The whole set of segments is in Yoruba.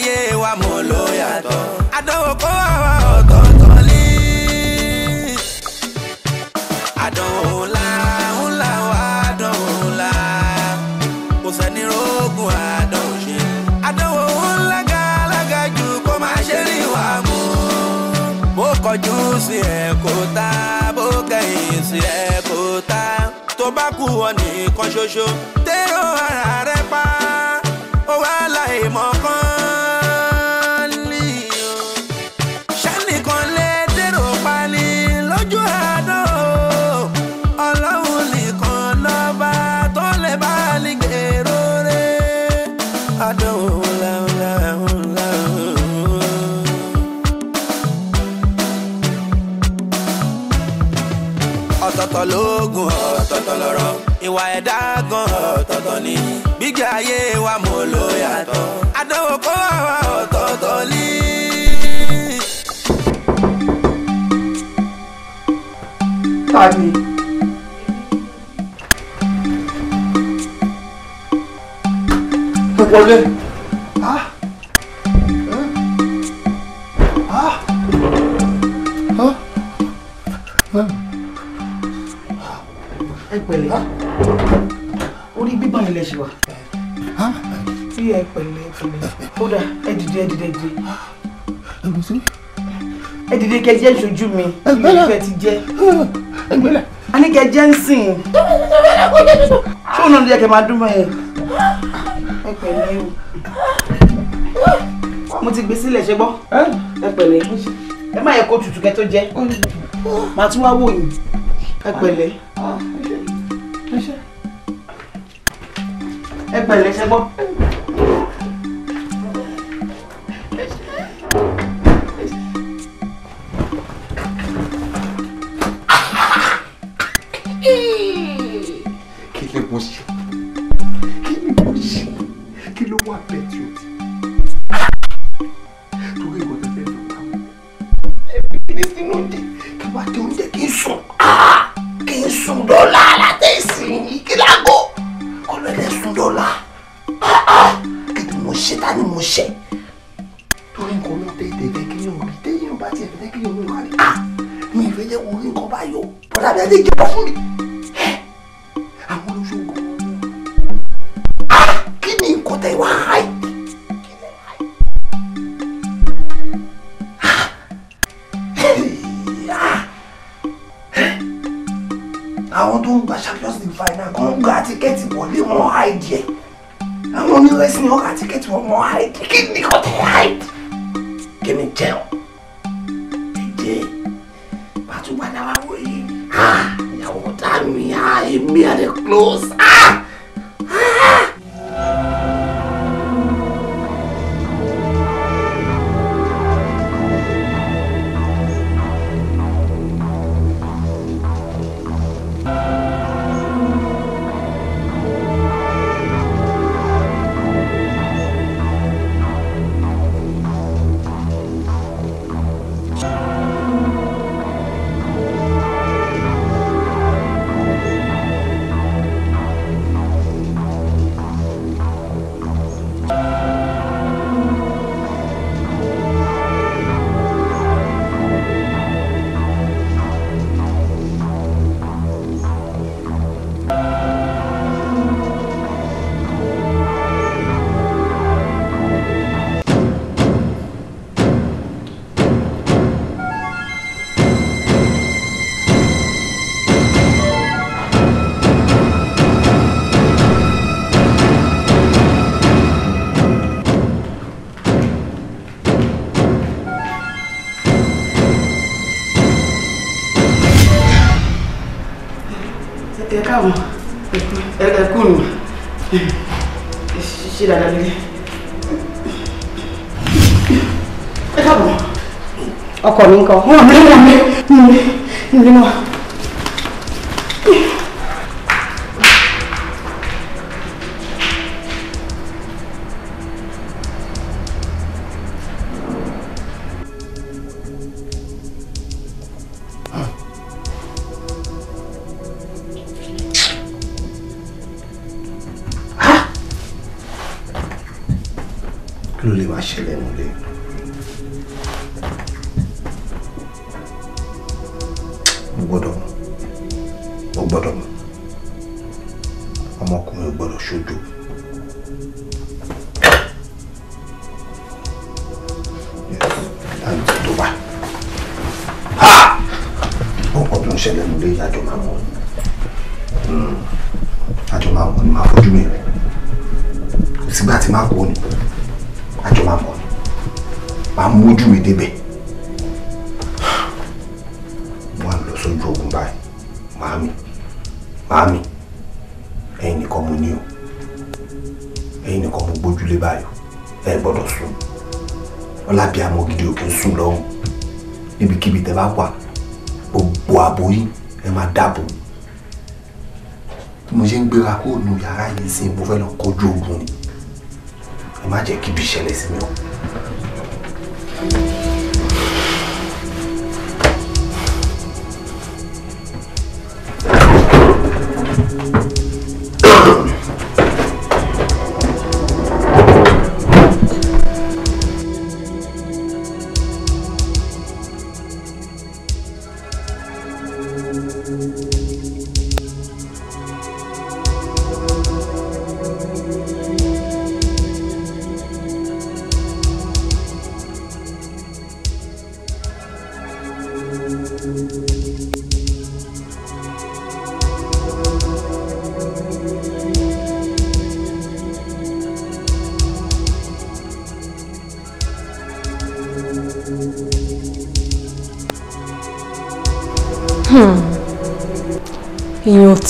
ayé wa mo ló yàtọ̀ àdánwò kó ọ̀tọ̀ọ̀tọ̀ lé àdánwò ńlá ńlá wa àdánwò ńlá kò sẹ́ni rógùn àdánwò ṣe àdánwò ńlá gàlágà jù kó má ṣe rí wa mú bó kọjú sí ẹ̀ kó tá bó kẹ̀yìn sí ẹ̀ kó tá tó bá kú ọ nìkan ṣoṣo tẹ́rọ ara rẹ pa ó wá mọ̀ kán. ìwà ẹ̀dá gan ọ̀tọ̀ọ̀tọ̀ ni gbígbé ayé wa mo lò yàtọ̀ àdánwò kó wà ọ̀tọ̀ọ̀tọ̀ ni. tani. wọlé. Ah. Ah. Ah. Ah. Ah. Ah. Ah. Ah lè ṣe wà. tí ẹ pẹ̀lẹ́ pẹ̀lẹ́ kódà ẹ dìde ẹ dìde dìde. ẹ dìde kẹ jẹ́ ìṣojú mi ìlú fẹ́ ti jẹ́. a ní kẹ jẹ́ ń sìn. ṣé òun náà ló yẹ kẹ máa dún mọ́ ẹ. ẹ pẹ̀lẹ́ o. mo ti gbé sílẹ̀ ṣe gbọ́. ẹ pẹ̀lẹ́ ẹ má yẹ kó tutù kẹ tó jẹ. màá tún wá wò yín. ẹ pẹ̀lẹ́. Es se kọ. wọn ò ní wọn ní wọn ní wọn. ọlábíà mọ gidi òkú sùn lọ́hùn níbikíbi tẹ bá wà gbogbo ààbò yìí ẹ máa dáàbò tí mo ṣe ń gbéra kó nu yàrá yìí sí mo fẹ́ lọ kọjú ogun ni ẹ má jẹ́ kíbi ìṣẹ̀lẹ̀ sí mi o.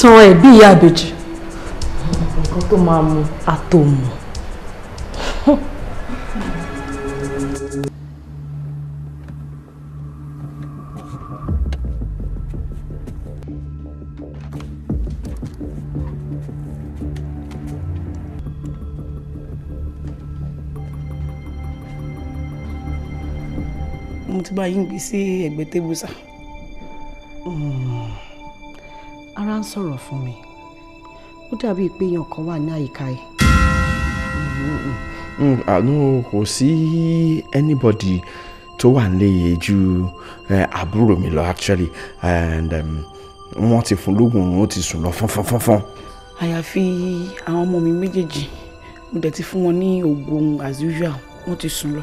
tan ẹ̀ bí ìyá àbèjì nǹkan tó máa mu àtòmù. mo ti bá yín gbé sí ẹ̀gbẹ́ tébùsà. sọ̀rọ̀ fún mi ó dàbí pé èèyàn kan wà ní àyíká yìí. Mm, mm, mm. àánú kò sí anybody tó wà nílé ju àbúrò mi lọ actually and um, wọ́n ti fún lóògùn ó ti sùn lọ fọ́nfọ́nfọ́n. àyàfi àwọn ọmọ mi méjèèjì mo dẹ̀ ti fún wọn ní oògùn as usual wọ́n ti sùn lọ.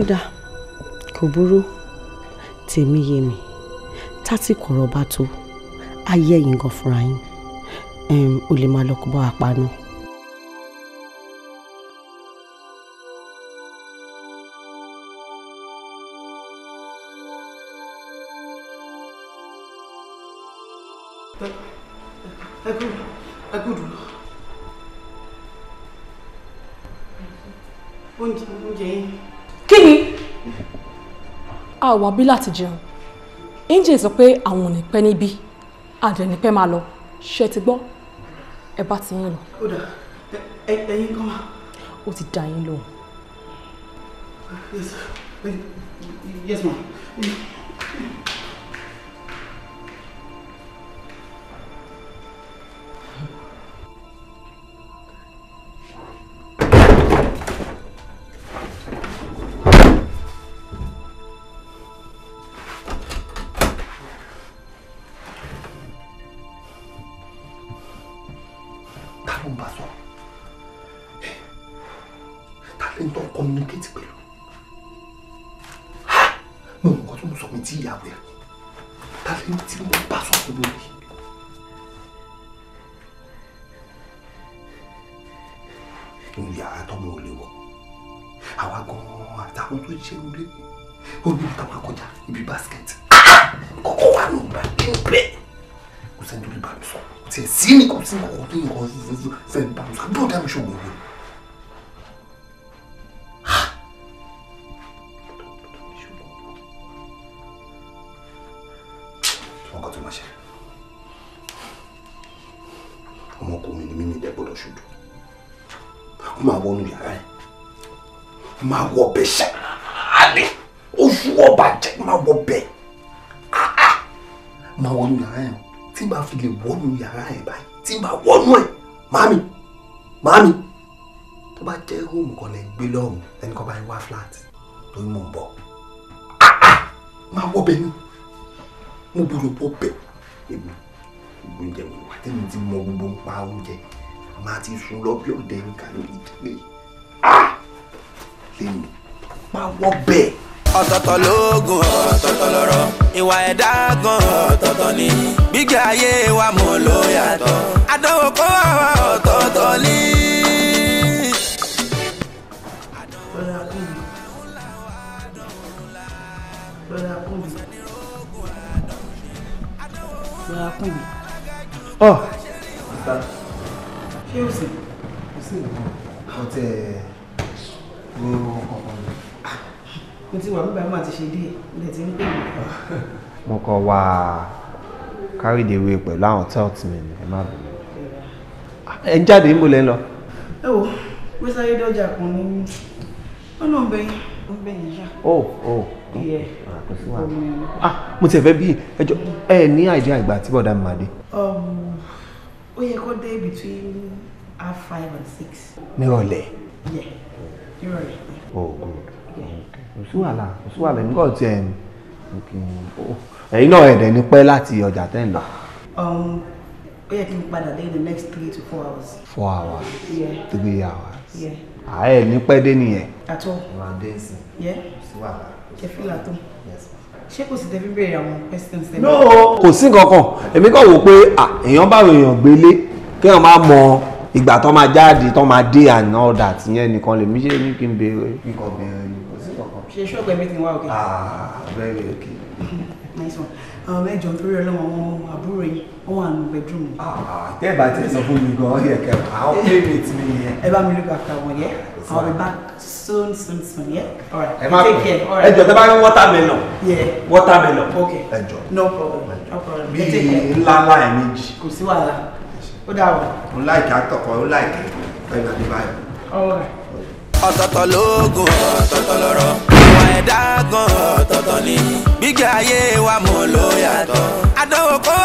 ó dáa kò burú tèmi yé mi tá tí kọ̀rọ̀ bá tó ayé yìí gan fúnra yín o lè máa lọ kó bá wa panu. kí ni a wà bí láti jẹun angel sọ pé àwọn ò ní pẹ́ níbí àdẹ̀nípẹ́ máa lọ ṣe ti gbọ́ ẹ bá ti yín lọ. ó dà ẹyin kọ́ máa. ó ti dà yín lóhùn. yes ma. Yes, 我分帮助，不如他们说我问。ọmọkùnrin ni mímí ìdẹ gbọ́dọ̀ màámi tó bá jẹ́ rúùmù kan lè gbé lọ́hùn ẹni kan bá ń wá flat lórí mò ń bọ̀ ah, ah! máa wọ́ bẹ ní mo gbọ́dọ̀ bọ́ bẹ̀ èmi oúnjẹ wò wá tẹ́mi ti mọ gbogbo ń pa oúnjẹ màá ti sun lọ́bí ọ̀dẹ̀ nìkan ní ìdílé ah! lẹ́nu máa wọ́ bẹ́ẹ̀ ọ̀tọ̀ọ̀tọ̀ lóògùn ọ̀tọ̀ọ̀tọ̀ lọ́rọ̀ ìwà ẹ̀dá gan ọ̀tọ̀ọ̀tọ̀ ni gbígbé ayé wa mọ̀ ló yàtọ̀ àdánwò kó wà wá ọ̀tọ̀ọ̀tọ̀ ni. Bọ́lá kùn mí. Ọ̀ ṣé o sì? O sì mọ̀ ọ́ ní ọkọ̀ mo ti wà bíbá máa ti ṣe dé ilẹ̀ tí ń pè mí. mo kọ wá carried away pẹ̀lú àwọn thoughts mi ẹ má bẹ̀rẹ̀ ẹ ń jáde ń lẹ́ ń lọ. ẹ wo wọ́n sáré dọ́jà kan ní ọ̀nà ọ̀bẹ yẹn ọ̀bẹ yẹn yá. o o ah mo ti fẹ́ bí ẹjọ́ ẹ ní àìdí àgbà tí bọ̀dá mi máa dé. Um, ó yẹ kó dé between half five and six. ní ọ̀lẹ́. yeah ní ọ̀lẹ́. oh good. Yeah kò sí wàhálà kò sí wàhálà nígbà tí ẹ̀ ẹ̀yin náà ẹ̀dẹ̀ ni pẹ́ láti ọjà tẹ́ ń lọ. Um, ó yẹ kí n padà dé the next three to four hours. four hours yeah. three hours. ààyè ní pẹ́ dé nìyẹn. àtọ́ kẹfìlà tó ṣé kò sì tẹ́fí bèrè àwọn questions ẹ̀. no kò sí kankan èmi kàn wò pé èèyàn báwo èèyàn gbélé kéèyàn máa mọ ìgbà tó máa jáde tó máa dé and all that yẹn nìkan lèmi ṣe ní kí n béèrè. kíkọ béèrè ṣe ṣọ́ọ̀bù everything wá òkè. ah very okay. nice one àwọn mẹ́jọ torí ọlọ́wọ́ wọn àbúrò yìí wọ́n wà nínú bedroom. Ah, ah, tẹ́ ẹ bá ti sọ fún mi gan-an yẹ kẹ́ àwọn playmate mi yẹn. ẹ bá mi look after wọn yẹ I'll be back soon soon soon Yeah. All right. Take care. ẹ jọ tẹ bá ní watermelon. watermelon ẹ jọ. no problem no problem. bí ńlá ńlá ẹ méjì. kò sí wàhálà ó dà wọ. ó láìkí all right ọ̀tọ̀ọ̀tọ̀ lóògùn ọ̀tọ̀ọ̀tọ̀ lọ́rọ̀ ìwà ẹ̀dá gan ọ̀tọ̀ọ̀tọ̀ ni gbígbé ayé wa mọ̀ ló yàtọ̀ àdánwò kó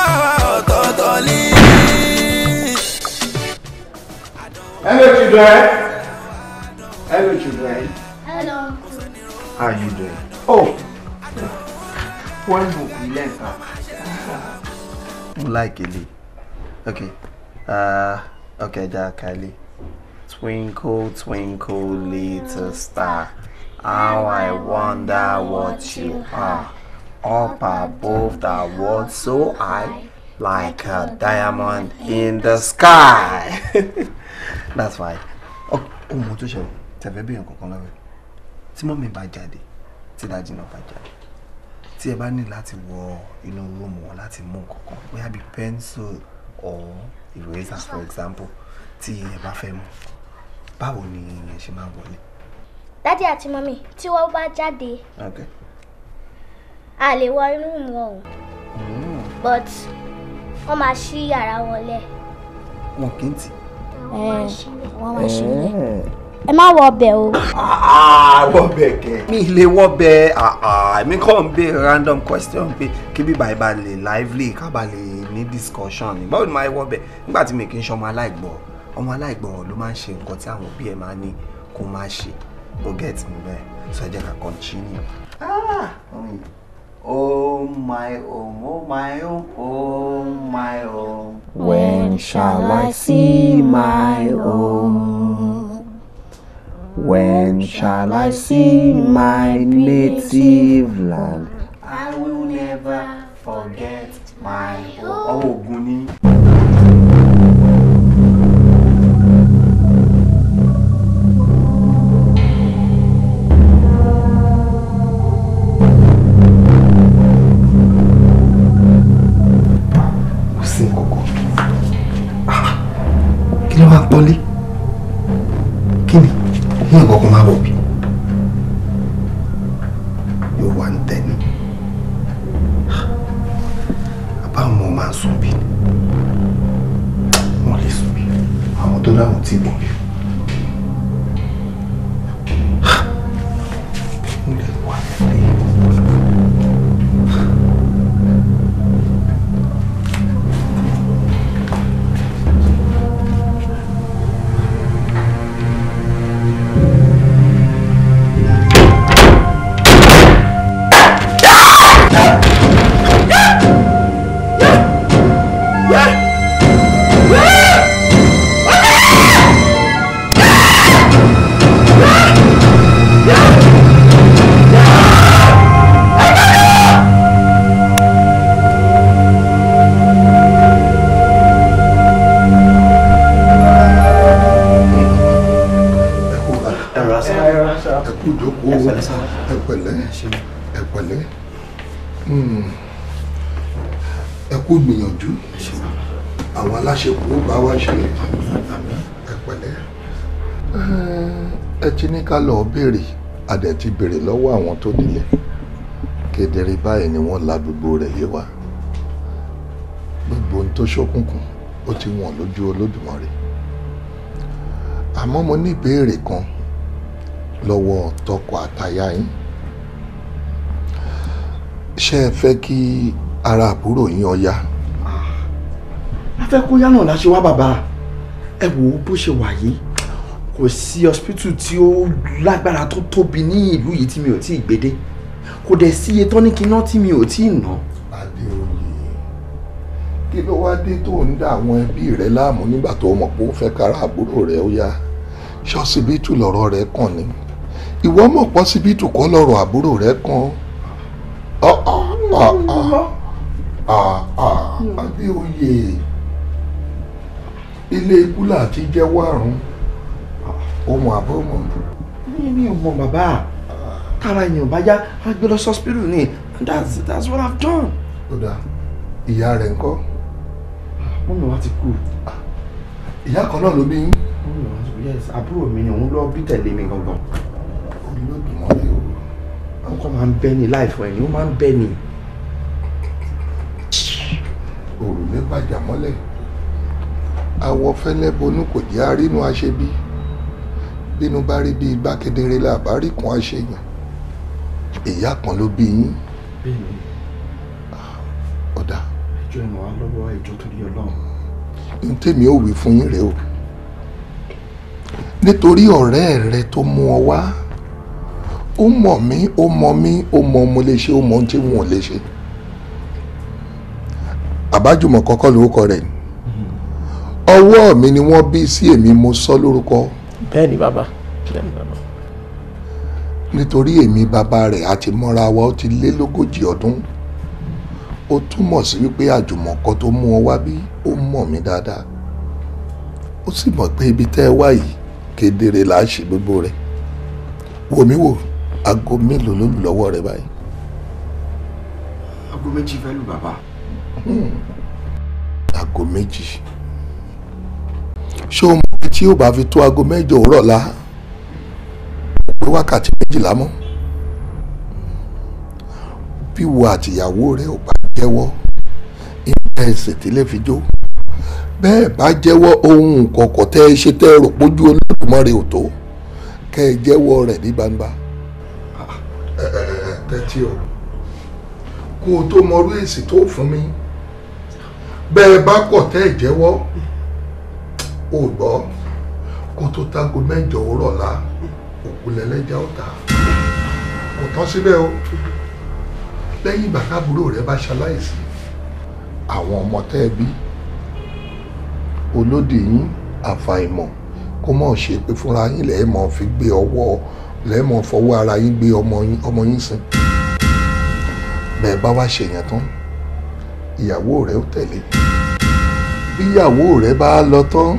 ọ̀tọ̀ọ̀tọ̀ ni. Hello children. Hello children. Hello. How are you doing? Oh, one book we learn from. Mo like ele. Okay. Uh, okay, Jack Kylie. Twinkle, twinkle, little star, how I wonder what you are. Up above the world so high, like a diamond in the sky. That's why. Ó mọ tó ṣẹlẹ̀, tẹ̀fẹ́ bí nǹkan kan lọ́wọ́. Tí mọ́mí bá jáde, tí dájì náà bá jáde. Tí ẹ bá ní láti wọ inú rúùmù wọn láti mú nǹkan kan, bóyá bíi pencil or eraser for example, tí ẹ bá fẹ́ báwo ni ìyẹn ṣe máa wọlé. dádì àti mọ́mì tí wọ́n bá jáde a lè wọ inú wọn o hmm. but wọ́n máa ṣí yàrá wọlé. wọn kì í tì. wọ́n máa eh, ṣí ilé eh. ẹ má wọ ọbẹ̀ o. Ah, ah, wọ ọbẹ̀ kẹ mi lè wọ ọbẹ̀ ah, mi kàn ń bẹ random question pé kí bíbá ẹ bá lè lively ká bá lè ní discussion báwo ni màá wọ ọbẹ̀ nígbà tí mi kì í ṣọmọ aláìgbọ́ ọmọ aláìgbọràn ló máa ń ṣe nǹkan tí àwọn òbí ẹ máa ní kó máa ṣe kó get me bẹ́ẹ̀ so ẹ jẹ́ ká continue. ah oh my own oh, oh my own oh, oh my own. Oh. when shall I see my own. When shall I see my native land? I will never forget my own. oh ni. báyìí ni wọ́n la gbogbo rẹ̀ yé wa gbogbo ohun tó ṣókùnkùn ó ti wọ̀n lójú olódùmarè àmọ́ mo ní ìbéèrè kan lọ́wọ́ tọkọ àtaya yín ṣé ẹ fẹ́ kí ara àbúrò yín ó yá. a fẹ́ kó yá náà la ṣe wá bàbá ẹ wò ó bó ṣe wà yìí kò sí hospital tí ó lágbára tó tóbi ní ìlú yìí tí mi ò tí ì gbé dé kò dẹ̀ sí iye tán ní kiná tí mi ò tí ì ná. adéoyè kí ló wá dé tó ń dá àwọn ẹbí rẹ láàmú nígbà tó mọ̀ pé ó fẹ́ kára àbúrò rẹ ó yá ṣọsibítù lọ̀rọ̀ rẹ kàn ni ìwọ mọ̀ pọsibítù kọ́ lọ̀rọ̀ àbúrò rẹ kàn ah, ah, ah, adéoyè ilé ikú làti jẹ́wọ́ àrùn ohun àbọ̀mọ́. mi ò mọ bàbá tára èèyàn bá yá á gbé lọ sọ́spírù ni and that's that's what I've done. ó dáa ìyá rẹ̀ ńkọ́. mọ́mí wa ti kú. ìyá kan náà ló bí yín. mọ́mí wa ti kú yes àbúrò mi ni òun lọ bí tẹ̀lé mi gangan. omi ló dùn mọ́lẹ̀ o. àwọn kan máa ń bẹ́ ni láìfọ̀ ẹ̀yìn ó máa ń bẹ́ ni. òrùlé bàjá mọ́lẹ̀ àwọ̀ fẹ́lẹ́ bonú kò jẹ́ àrínú aṣebi bínú bá rí bí igbá kedere làbárí kan aṣèyàn ìyá kan ló bí yín. bẹ́ẹ̀ni. Ah, ọ̀dà. ẹjọ́ ẹ̀nà wa lọ́wọ́ ẹjọ́ torí ọlọ́run. n tèmi ò wí fún yín rèé o nítorí ọ̀rẹ́ rẹ tó mú ọ wá ó mọ̀ mí ó mọ̀ mí ó mọ̀ mo lè ṣe ó mọ̀ ohun tí wọn ò lè ṣe àbájùmọ̀ kọ́kọ́ lórúkọ rẹ̀ mm-hmm. ọwọ́ mi ni wọ́n bí sí èmi mo sọ lórúkọ. bẹ́ẹ̀ bàbá bẹ́ẹ̀ bàbá nítorí èmi bàbá rẹ̀ àti mọ́ra wa ó ti lé lógójì ọdún ó túmọ̀ sí wípé àjùmọ̀kọ tó mú ọ wá bí ó mọ̀ mí dáadáa ó sì mọ̀ pé ibi tẹ́ ẹ wá yìí kedere là á ṣe gbogbo rẹ̀ wò mí wò aago mélòó ló lù lọ́wọ́ rẹ báyìí. aago méjì fẹ́ lù bàbá. Hmm. aago méjì ṣé o mọ̀ pé tí o bá fi tó aago mẹ́jọ òwúrọ̀ la pé wákàtí méjìlá mọ́ bí wo àtìyàwó rẹ ò bá jẹ́wọ́ ìgbà ẹsẹ̀ tí lè fi jó bẹ́ẹ̀ bá jẹ́wọ́ ohun kọ̀ọ̀kọ̀ tẹ́ ẹ ṣe tẹ́ ẹ rò pójú Olódùmarè ò tó kẹ́ ẹ jẹ́wọ́ rẹ̀ ní gbangba. ẹ ẹ ẹ tẹ́tí o kó o tó mọrú èsì tó fún mi bẹ́ẹ̀ bá kọ̀ tẹ́ ẹ jẹ́wọ́ ò gbọ́ kó o tó tágo mẹ́jọ òwúrọ̀ la òkùnlẹ̀lẹ́jà ó ta kò tán síbẹ̀ o lẹ́yìn ìgbà káàbúrò rẹ bá ṣaláìsí àwọn ọmọ tẹ́ ẹ bí olódì yín àfàìmọ̀ kó mọ̀ ṣe pé fúnra yín lẹ́ẹ̀ mọ̀ fi gbé ọwọ́ lẹ́ẹ̀ mọ̀ fọwọ́ ara yín gbé ọmọ yín sìn bẹ́ẹ̀ bá wá ṣèyàn tán ìyàwó rẹ ó tẹ̀lé bíyàwó rẹ bá lọ tán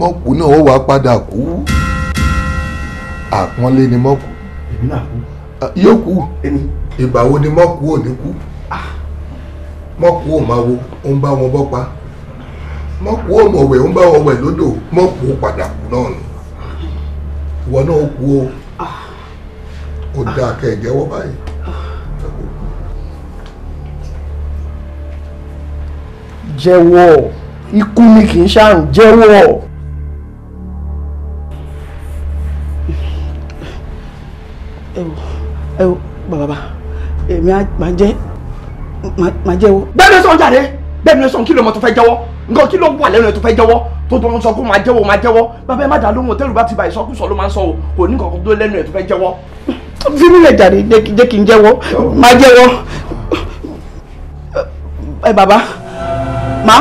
mọ̀kú náà ó wá padà kú àpọ́nlé ni mọ́ kú. èmi náà kú. yóò kú ìgbà wo ni mọ́ kú ò ní kú mọ́ kú ò máa wo ó ń bá wọn bọ́ pa mọ́ kú ò mọ̀ wẹ̀ ó ń bá wọn wẹ̀ lódò mọ́ kú ò padà kú náà nù ìwọ náà kú o ó dáa kẹ́ ẹ̀ jẹ́wọ́ báyìí. jẹ́wọ́ ikú ni kì í ṣàrùn jẹ́wọ́. ẹ wo ẹ wo bàbá èmi máa jẹ́ máa jẹ́wọ́. bẹ́ẹ̀ ni sọ̀n jáde bẹ́ẹ̀ ni sọ̀n kí ló mọ̀ tó fẹ́ jẹ́wọ́ nǹkan kí ló wà lẹ́nu ẹ̀ tó fẹ́ jẹ́wọ́ tó tó ń sọ kó máa jẹ́wọ́ máa jẹ́wọ́ bàbá ẹ má dà lóhùn tẹ́lù bá ti bá ìsọkúsọ ló máa ń sọ o kò ní nǹkan tó lẹ́nu ẹ̀ tó fẹ́ jẹ́wọ́. fi mí lè jáde jẹ́ kí n jẹ́wọ́ máa jẹ́wọ́ ẹ bàbá má.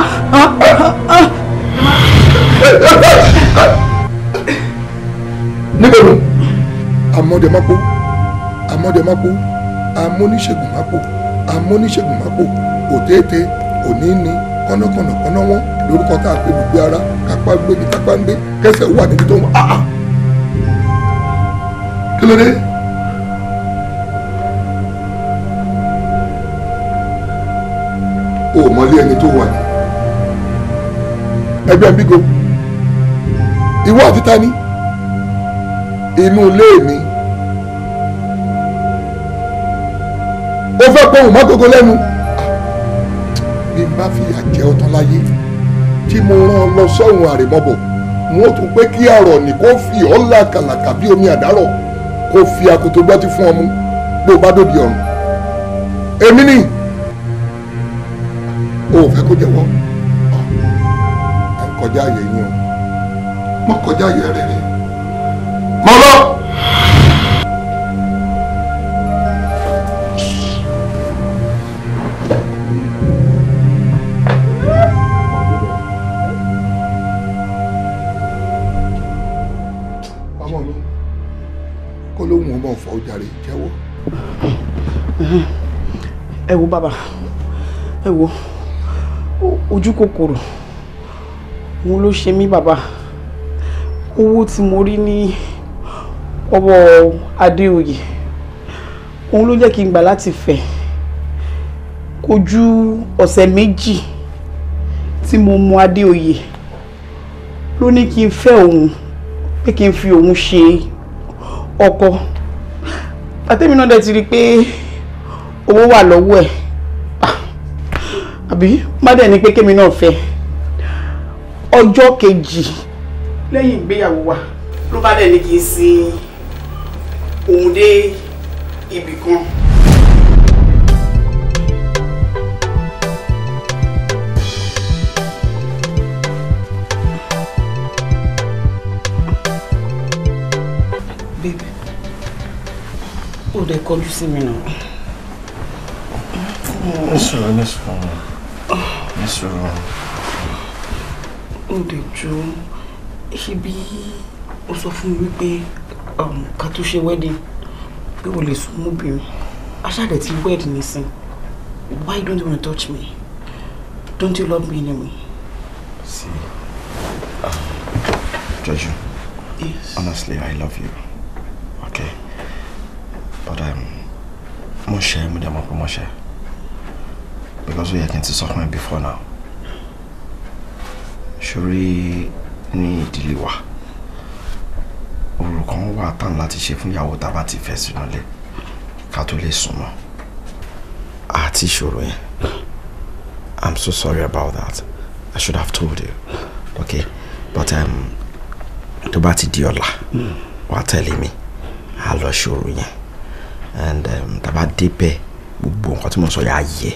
níbo ni àmọ́ ọdẹ máa gbó amọ́dẹ̀mápò amóníṣègùnmápò amóníṣègùnmápò òtété òníní kọ́nọ́kọ́nọ́ kọ́nọ́ wọn lórúkọ tá a pè gbogbo ara kápá gbé ní kápá ń gbé kẹsẹ̀ wà níbi tó ń wọ áhà ah, ah. kí ló dé. o ò mọlé ẹni tó wà ní ẹgbẹ́ bígo ìwọ àti tani inú ilé mi. ó fẹ́ pohùn mọ́kòkò lẹ́nu bí n bá fi àjẹ ọtán láyé tí mo rán lọ sọ́run àrèmọ́bọ̀ wọn tún pé kí àrọ̀ ní kó fi ọ́ làkàlàkà bí omi àdárọ̀ kó fi akoto gbọ́tí fún ọmú bó o bá dòdì ọ̀run èmi ni o ò fẹ́ kó jẹ́wọ́ ẹ kọjá àyè yín o mo kọjá àyè rẹ̀ rẹ̀. Baba, ẹ wo ojú kòkòrò òun ló ṣe mí bàbá owó tí mo rí ní ọwọ́ Adéoyè òun ló jẹ́ kí n gbà láti fẹ́ kò ju ọ̀sẹ̀ méjì mo mú Adéoyè ló ní kí n fẹ́ òun pé kí n fi òun ṣe ọkọ àtẹ̀mí náà dẹ̀ ti rí i owó wà lọ́wọ́ ẹ̀ ah, àbí má dẹ̀ ni pé kémi náà fẹ́ ọjọ́ kejì lẹ́yìn ìgbéyàwó wa ló bá dẹ̀ ní kí n sin òun dé ibì kan. baby o de kọjú sí mi náà. Miss nísòro Miss ó lè jó ṣebí ó sọ fún mi wípé um, ká tó ṣe wedding pé o lè sún that he ti wed nísìn why don't you wanna touch me don't you love me anymore. see um, Jojo yes. honestly I love you okay but um, Moshe, ṣe mo dẹ̀ mọ̀ because we yẹ kí n ti before now ṣorí ní ìdílé wa orò kan wà tán láti ṣe fún ìyàwó tá a bá ti fẹ́ sínú ilé ká tó lè sùn mọ́ àti ìṣòro i'm so sorry about that i should have told you okay but um, to bá ti di ọ̀la wàá tẹ̀lé mi a lọ ṣòro yẹn and um, tá a bá débẹ̀ gbogbo nǹkan tí mo so yà á Yeah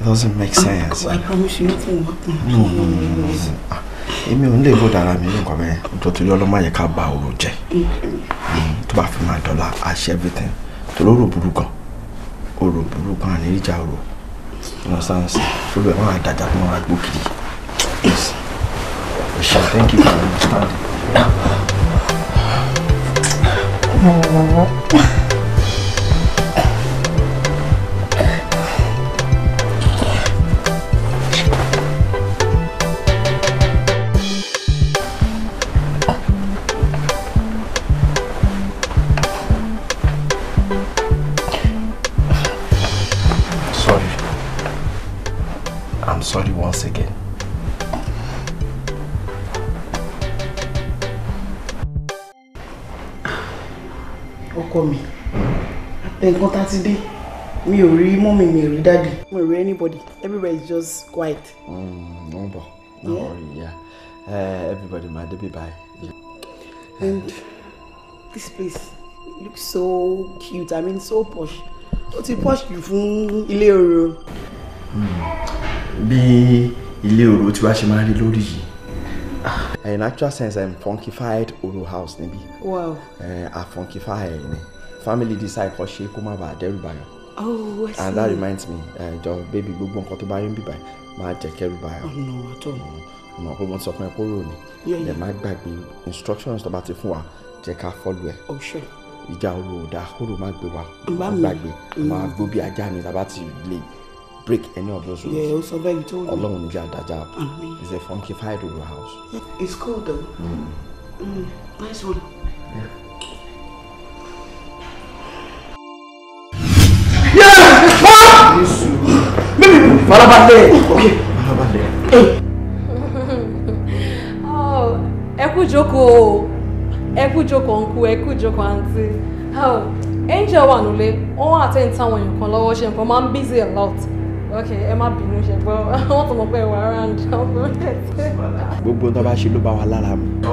It doesn't make ah, sense. I promise you nothing will happen. No, no, no, no, no. Ah, èmi ò ń lè bọ́dà ara mi ní nǹkan bẹ́ẹ̀ nítorí ọlọ́mọ yẹn ká ba òru jẹ. Mm-hmm. Tó bá fi máa dọ́là àṣẹ everything. Tó lóró burú gan. Òrò burú gan ní ìjà òrò. Nọ́sánsì. Fúlù ẹ̀ máa dàjà fún wa gbó kiri. Ṣé thank you for understanding. nǹkan tá a ti dé mi ò rí mọ́mì mi ò rí dáàdì mi rí anybody everywhere is just quiet. Hmm, wọ́n bọ̀ náà wọ́n rí ya everybody ma dé bí báyìí. and this place looks so cute i mean so posh ó ti posh jù fún ilé oro. Hmm, bí ilé oro tí wàá ṣe máa rí lórí yìí ah, in actual sense i'm funkified oro house níbí. wow. Uh, eh, a funkified ni family decide kó ṣe kó má bàa dẹ́rù oh i see and that reminds me eh, jọ baby gbogbo nǹkan tó bá yín bíbá máa jẹ́ kẹ́rù báyọ̀. ọ̀nà àtọ̀ ọmọ pé mo ti sọ fún ẹ kó rò ní ẹ má gbàgbé instructions tó bá ti fún wa jẹ́ ká follow ẹ. oh sure ìjà òru ò dáa kóró má gbé wa má gbàgbé máa mm. gbó bí ajá ni tá ti lè break any of those rules. yẹ o sọ bẹ́ẹ̀ ni tó yẹ Ọlọ́run níjà dájà it's a funky fire to your house. it's cold though. Mm. Mm. nice one. Yeah. farabalẹ̀ ok farabalẹ̀. Oh, ẹ kú jókòó ẹ kú jókòó ńkú ẹ kú jókòó àǹtí oh, angel wà nílé wọn àtẹ̀yìn táwọn èèyàn kan lọ́wọ́ ṣe nǹkan máa ń busy a lot ok ẹ má bínú ṣe gbọ́ wọ́n tó mọ̀ pé wà á rán ọkùnrin tẹ̀sí. gbogbo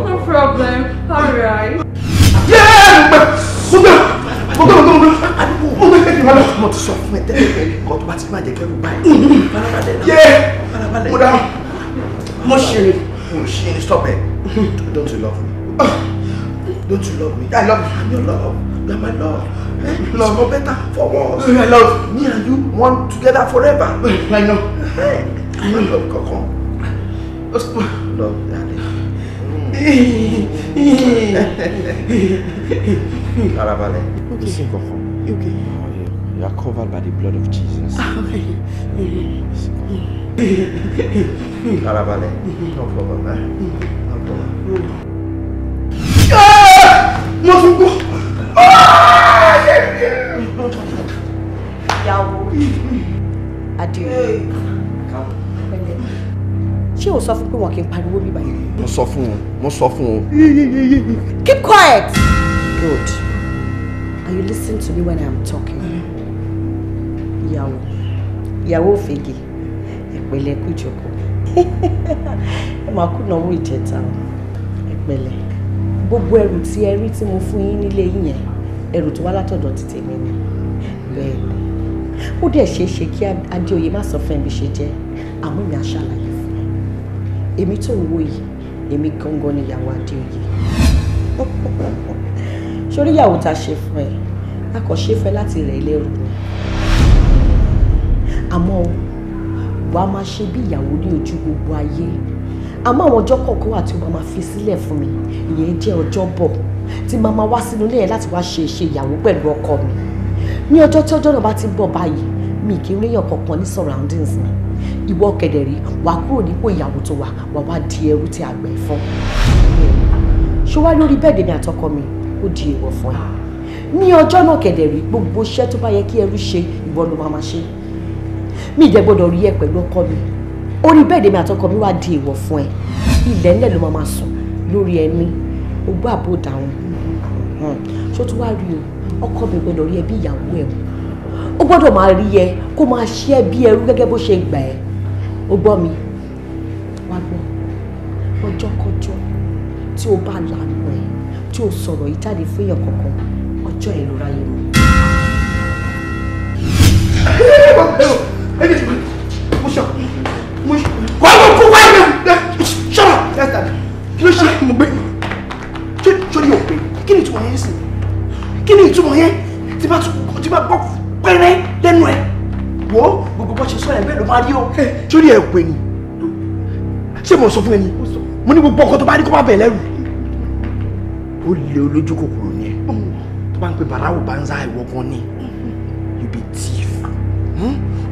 no problem Alright. Yeah! yẹ́ẹ̀ mo gbẹ mo gbẹ mo gbẹ mo ìfọlọ́. mo ti sọ fún ẹ tẹ́lẹ̀ pé nǹkan tó bá ti máa jẹ kẹ́rù báyìí. farabalẹ̀ náà farabalẹ̀ mo mo ṣeré mo ṣeré stop ẹ mm-hmm. don't you love me ah. don't you love me i love you i'm your love You're my love. Eh? Love for better for worse. I love me and you one together forever. Eh, I know. Eh? I Love, Kokon. Love, darling. Mm. Farabalẹ̀. Okay. Okay. You are covered by the blood of Jesus. Fara ah, balẹ̀, no problem, man. Eh? No problem. Mo tún kú. Ìyàwó Adéo. Ṣé o sọ fún pé wọn kì í pariwo bíbá yìí? Mo sọ fún un, mo sọ fún un. Keep quiet. Good. Are you listening to me when I am talking? Mm -hmm ìyàwó ìyàwó òfegè ẹ̀pẹ̀lẹ́ kújọkọ ẹ máa kú náwó ìjẹta o ẹ̀pẹ̀lẹ́ gbogbo ẹrù tí ẹ rí tí mo fún yín nílé yẹn ẹrù tó wá látọ̀dọ̀ ti tèmi ni bẹ́ẹ̀ ni ó dẹ̀ ṣeé ṣe kí adéoyè má sọ fún ẹ bí ṣe jẹ́ àmọ́ èmi á ṣàlàyé fún ẹ èmi tó ń wo yìí èmi gangan ni ìyàwó adéoyè sórí ìyàwó tá a ṣe fún ẹ a kò ṣe fẹ́ láti rẹ̀ lẹ́rù ni àmọ́ wàá máa ṣe bí ìyàwó ní ojú gbogbo ayé àmọ́ àwọn ọjọ́ kọ̀ọ̀kan wà tí o máa fi sílẹ̀ fún mi ìyẹn jẹ́ ọjọ́ bọ̀ tí màá máa wá sínú ilé yẹn láti wá ṣe ìṣe ìyàwó pẹ̀lú ọkọ mi ní ọjọ́ tí ọjọ́ náà bá ti ń bọ̀ báyìí mi kì í ríyàn kankan ní surroundings mi ìwọ kẹdẹrí wà kúrò nípò ìyàwó tó wà wà wá di ẹrú tí a gbẹ fún ṣó wá lórí bẹ́ẹ̀dẹ̀ mi àtọkọ mi ó di èèwọ̀ fún ẹ ní ọjọ́ náà kẹdẹrí gbogbo iṣẹ́ tó bá yẹ kí ẹrú ṣe ìwọ ló máa máa ṣe mi ìjẹ́ gbọ́dọ̀ rí ẹ pẹ̀lú ọkọ mi orí bẹ́ẹ̀dẹ̀ mi àtọkọ mi wá di èèwọ̀ fún ẹ ilẹ̀ ńlẹ̀ ló máa sùn lórí ẹni o gbọ́ àbò dàrún hmm. ṣó tún wá rí o ọkọ mi gbọ́dọ̀ rí ẹ bí ìyàwó ẹ o gbọ́dọ̀ máa rí ẹ kó máa ṣe ẹ bí ẹrú gẹ́gẹ́ bó ṣe gbà ẹ o gbọ́ mi wá gbọ́ ọjọ́kọjọ́ tí o bá lànà ẹ tí o sọ̀rọ̀ yìí jáde fún èèyàn kankan ọjọ́ ìrora yìí mọ́. Hey, Musha, Musha, why won't you why Shut up, that's that. Kí ló ṣe mo gbé? Sori o pe, kí ni ìtumọ̀ yẹn sìn? Kí ni ìtumọ̀ yẹn? Tí bá tí bá gbọ́ pẹ́rẹ́ lẹ́nu ẹ̀. Wo gbogbo bó ṣe sọ o. Sori fún ẹ Mo ní gbogbo ọkọ tó bá rí kó má bẹ̀ lẹ́rù. Ó lé olójú kòkòrò ni ẹ̀. Tó bá ń pe bàrá wò bá ń zá ìwọ gan ni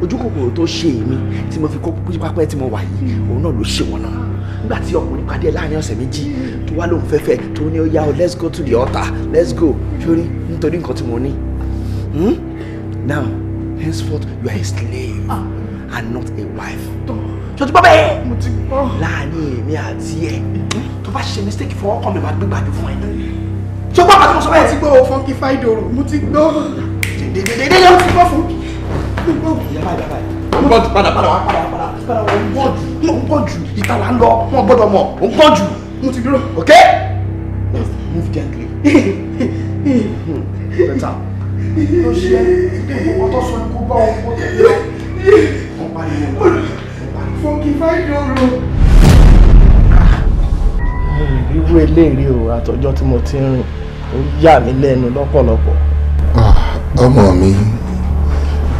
ojú tó ṣe èmi tí mo fi kó pípápẹ́ tí mo wà yìí òun náà ló ṣe wọn náà nígbà tí ọkùnrin pàdé láàrin ọ̀sẹ̀ méjì tó wá lóun fẹ́fẹ́ tó ní ó yá o let's go to the altar let's go sórí nítorí nǹkan tí mo ní hmm? now henceforth you are a slave ah. and not a wife ṣojú bọ́ bẹ́ẹ̀ láàrin èmi àti ẹ mm-hmm. tó bá ṣe mistake fọwọ́ kàn mi máa gbé gbàdúrà fún ẹ ṣojú bọ́ bá tó sọ bẹ́ẹ̀. mo ti gbọ́ funky fáìdòrò mo ti gbọ́ dédédédé ó ti gbọ́ funky bọ́ọ̀dù padà padà wá padà padà padà wá bọ́ọ̀dù mo ń bọ́ọ̀dù ìta là ń lọ wọn gbọ́dọ̀ mọ̀ mo ń bọ́ọ̀dù mo ti dúró ok move gently better ló ṣe ìdẹ́gbọ̀n tó sọ ikú bá wọn kó tẹ̀lé wọn pariwo wọn fọ́nkì fáìlì ọ̀rọ̀ irú eléèrè o àtọjọ́ tí mo ti ń rìn ó yà mí lẹ́nu lọ́pọ̀lọpọ̀. ọmọ mi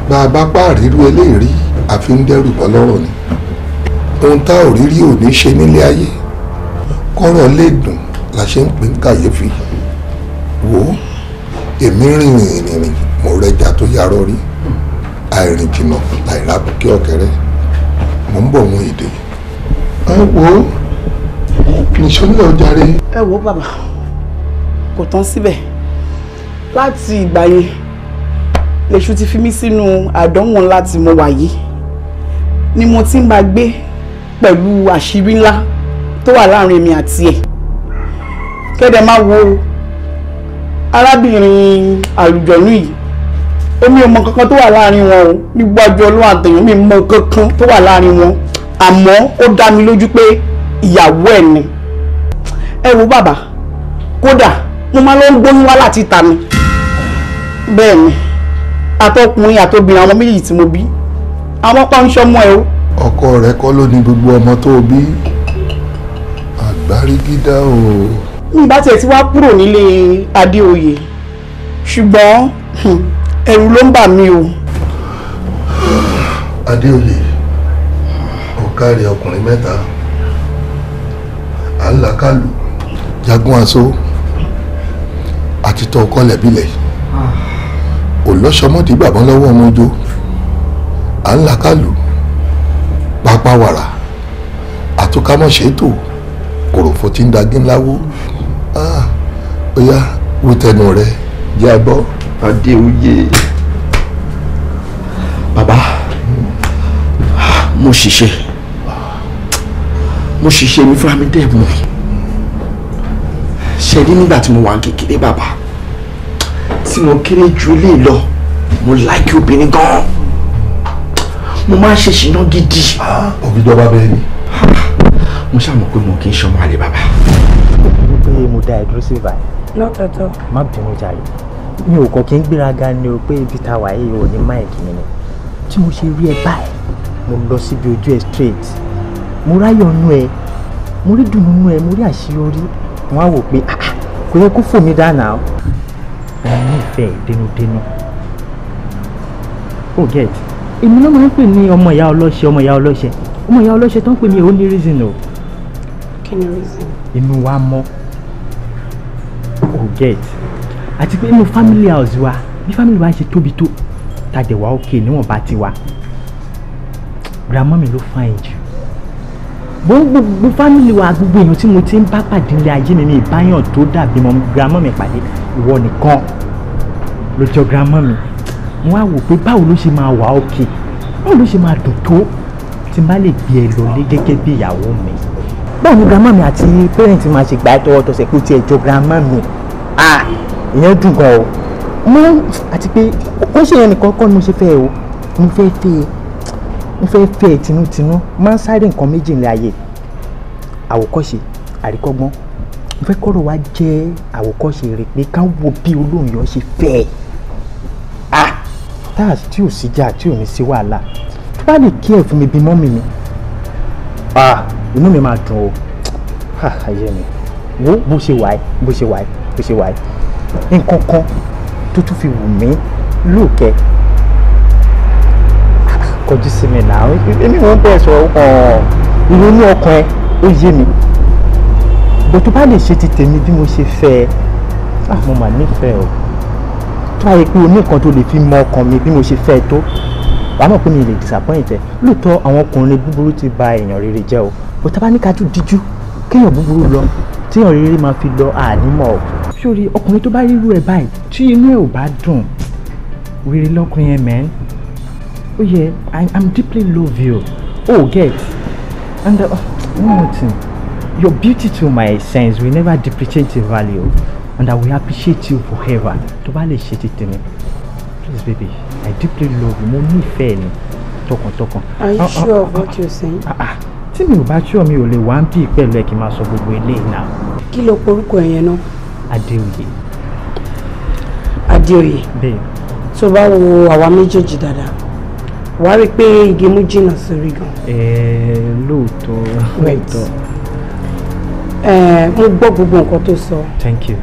bá a bá pààrírú eléyìí rí àfi ń dẹ́rù bọ́ lọ́rọ̀ ni ohun tá ò rírí ò ní ṣe nílé ayé kọ́rọ̀ lè dùn la ṣe ń pín kàyéfì wò ó èmi rìn rìn rìn mo rẹjà tó yarọ rí àìrìn jìnnà láìrábùkẹ́ ọ̀kẹ́rẹ́ mo ń bọ̀ wọn èdè ẹ wò ó nìṣọ́nilẹ̀ ọjàre. ẹ wò ó bàbá kò tán síbẹ̀ láti ìgbà yẹn lèṣu ti fi mí sínú àdánwò ńlá tí mo wà yìí ni mo ti ń bá gbé pẹ̀lú àṣírí ńlá tó wà láàrin èmi àti ẹ̀ kéde máa wo arábìnrin àlùjọ̀nú yìí èmi ò kankan tó wà láàrin wọn o níwájú ọlọ́run àtẹ̀yìn mi mọ kankan tó wà láàrin wọn àmọ́ ó dá mi lójú pé ìyàwó ẹ̀ ni ẹ wo bàbá kódà mo máa lọ ń gbóyún wá láti ta ni bẹ́ẹ̀ ni àtọkùnrin àtobìnrin àwọn méjèèjì tí mo bí àwọn ọpá ń ṣọmọ ẹ o. ọkọ rẹ kọ́ ló ní gbogbo ọmọ tó o bí àgbárígídá o. mi bá tiẹ̀ ti wá kúrò nílé adéoyè ṣùgbọ́n hmm, ẹ̀rù ló ń bà mí o. adéoyè ó kárí ọkùnrin mẹ́ta àlàkálù jagun aṣọ àti tọ́ ọkọ lẹ̀bílẹ̀ yìí lọ́sọmọdé gbàgbọ́n lọ́wọ́ ọmọ ijó à ń làkàlù pápá wàrà àtúkámọ̀ṣètò kòròfo tí ń dagín láwó ó yá wú tẹnu rẹ jẹ́ abọ́. adéoyè bàbá mo ṣiṣẹ́ mo ṣiṣẹ́ mi fúnra mi dẹ̀ mọ́ ṣẹ́ni nígbà tí mo wà kékeré bàbá tí mo kéré ju ilé lọ mo like obìnrin gan mo máa ń ṣe ṣìnà gidi. òbí dọ́ba bẹ́ẹ̀ ni. mo ṣàmọ̀ pé mo kì í ṣọmọ àlè bàbá. mo pé mo da ẹ̀dúró sí ìbàyẹn. náà tọ̀tọ̀. má bínú jàre mi ò kọ́ kí n gbéraga ni o pé ibi tá a wà yìí ò ní máìkì mi ni tí mo ṣe rí ẹ báyìí mo lọ síbi ojú ẹ straight mo ráyọ̀ nú ẹ mo rí dùnú nú ẹ mo rí àṣeyọrí wọn á wò pé ah, ah, kò yẹ kó fò mí dáná mo nífẹ̀ẹ́ dénúdénú ó get èmi náà máa ń pè ní ọmọ ìyá ọlọ́ṣẹ ọmọ ìyá ọlọ́ṣẹ ọmọ ìyá ọlọ́ṣẹ tó ń pè mí ó ní reason o. kí ni reason. inú wa mọ́ ó get àti pé inú family house wa bí family wa ṣe tóbi tó tàdé wa òkè níwọ̀nba tiwa grandma mi ló fine jù bó gbogbo fámìlì wa gbogbo èèyàn tí mo ti ń bá pàdé ilé ayé mi mi ìbáyàn tó dàbí mọ gírámọ mi pàdé ìwọ nìkan ló jọ gírámọ mi mo wá wò pé báwo ló ṣe máa wà òkè báwo ló ṣe máa dùn tó tí n bá lè gbé ẹ lọlé gẹ́gẹ́ bí ìyàwó mi. báwo ni gírámọ mi àti pẹ́rẹ́ǹtì máa ṣe gbà ẹ́ tọwọ́ pé ó jọ gírámọ mi ah ìyẹn dùn gan o mo àti pé ó ṣe yẹn nìkan kọ́ ni mo ṣe fẹ́ o mo fẹ́ fẹ́ mo fẹ́ fẹ́ ẹ tinútinú máa ń sáré nǹkan méjì ńlẹ̀ ayé àwòkọ́ṣe àríkọ́gbọ́n mo fẹ́ kọ́rọ̀ wá jẹ́ àwòkọ́ṣe rẹ̀ pé ká wo bí olóhùn yọ ṣe fẹ́ ẹ ah táàs tí ò sí jà tí ò ní sí wàhálà tó bá lè kí ẹ fún mi bí mọ́mì mi ah inú mi máa dùn o ha ayé mi wo bó ṣe wà ẹ bó ṣe wà ẹ bó ṣe wà ẹ nǹkan kan tó tún fi wù mí lóòkẹ́ kọjú sí mi náà èmi wọn bẹ̀rẹ̀ sọ̀rọ̀ ìrònú ọkàn ẹ ó yé mi bó tó bá lè ṣe ti tèmi bí mo ṣe fẹ́ ẹ ah, mo mà nífẹ̀ẹ́ o tó bá yẹ pé o ní nǹkan tó lè fi mọ ọkàn mi bí mo ṣe fẹ́ ẹ tó wàá mọ̀ pé mi lè disappoint ẹ lóòótọ́ àwọn ọkùnrin búburú ti ba èèyàn rere jẹ́ o bó tá bá ní kájú díjú kéèyàn búburú lọ téèyàn rere máa fi lọ ànímọ̀ o. sórí ọkùnrin tó bá rírú ẹ báyìí tí inú ẹ ò bá dùn wèrè lọkùnrin yẹn mẹ́rin Oh yeah, I, I'm deeply love you. Oh, get. And uh, one more thing. Your beauty to my sense will never depreciate in value. And I will appreciate you forever. To bá it, ṣe ti Please, baby, I deeply love you. Talk on talk on. Are you uh, sure uh, of ah, what uh, you're saying? Uh, uh, tí mi ò bá tí omi ò lè wá ń bí pẹ̀lú ẹ̀ kí n máa sọ gbogbo eléyìí náà. Kí ló porúkọ ẹ̀yẹn náà? Adéoyè. Adéoyè. Bẹ́ẹ̀. Tó bá wo àwa méjèèjì wà á rí i pé igi mú jìnnà sórí gan. ẹẹ lóòótọ́ lóòótọ́. mo gbọ́ gbogbo nǹkan tó sọ. thank you.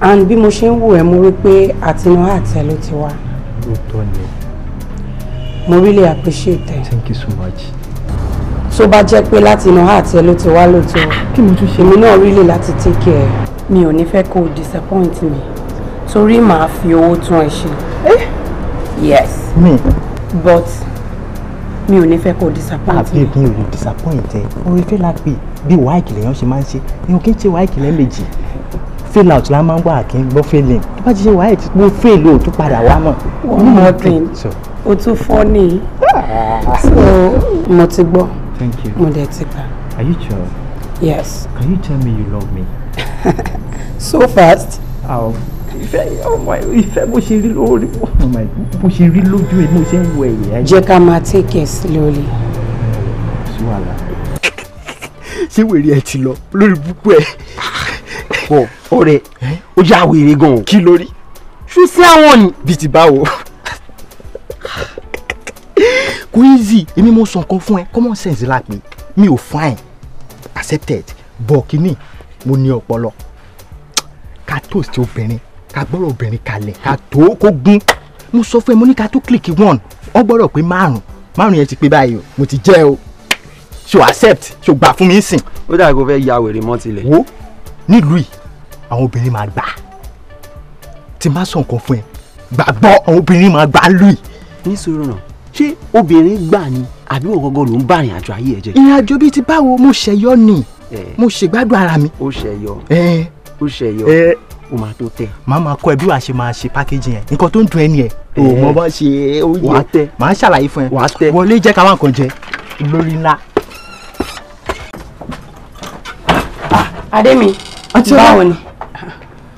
and bí mo ṣe ń wò ẹ́ mo rí pé àtinú àtẹ ló ti wá. lóòótọ́ ni. mo really appreciate ẹ. thank you so much. tó bá jẹ́ pé látinú àtẹ ló ti wá lóòótọ́ kí mo tún ṣe èmi náà really láti take care mi ò ní fẹ́ kó o disappoint mi torí màá fi owó tún ẹ ṣe. Eh? yes me. but mi ò ní fẹ́ kó disappoint ah, mi. àbí mi ò disappoint ẹ orin fẹ́ la pè bí wàá ìkìlẹ̀ yẹn ṣe máa ń ṣe ni o kì í ṣe wàá ìkìlẹ̀ fail out la máa ń gbà kí n gbọ́ failing tó bá ti ṣe wàá ìtìpó fail o tó padà wá mọ̀. one mm. more thing o tún fọ́ ni so mo ti gbọ́ mo dẹ̀ ti gbà. are you sure. yes. can you tell me you love me. so fast. Oh ìfẹ́ ọmọ ìfẹ́ bó ṣe rí lórí ọmọ bó ṣe rí lójú ẹ bó ṣe ń wọ ẹ̀yẹ. jẹ́ ká máa take it slowly. ṣé wèrè ẹ ti lọ lórí púpọ̀ ẹ. ọ ọ̀rẹ́ ó yá wèrè gan-an kí lórí ṣú sí àwọn ni bíi ti báwo kò èmi mo sọ nǹkan fún ẹ common sense la pé mi ò fine accepted bọ̀ kínní mo ní ọpọlọ ká obìnrin ká gbọ́rọ̀ obìnrin kalẹ̀ ká tó kó gún mo sọ fún ẹ mo ní ká tó kílìkì one ọ gbọ́dọ̀ pé márùn márùn yẹn ti pé báyìí o mo ti jẹ́ o ṣò accept ṣò gbà fún mi sìn. ó dàgbà kó fẹ́ ya wèrè mọ́ tilẹ̀. wo nílùú yìí àwọn obìnrin máa gbà tí má sọ nǹkan fún ẹ gbàgbọ́ àwọn obìnrin máa gbà lùi. nísòro náà ṣé obìnrin gbà ni àbí wọn gọgọ ló ń bá ìrìn àjò ayé ẹ jẹ. ìrìn àjò bíi ti báwo mo ṣẹyọ ni mo ṣègbádùn ara mi. ó ṣẹyọ ó ṣẹyọ o máa tó tẹ. màá máa kọ́ ẹ bí wàá ṣe máa ṣe pákéjì yẹn nǹkan tó ń dùn ẹ nìyẹn. o mọ bá ṣe oúnjẹ wàá tẹ màá ṣàlàyé fún ẹ wàá tẹ wọlé jẹ́ káwọn nǹkan jẹ lórí ńlá. Ah, adémi báwo ni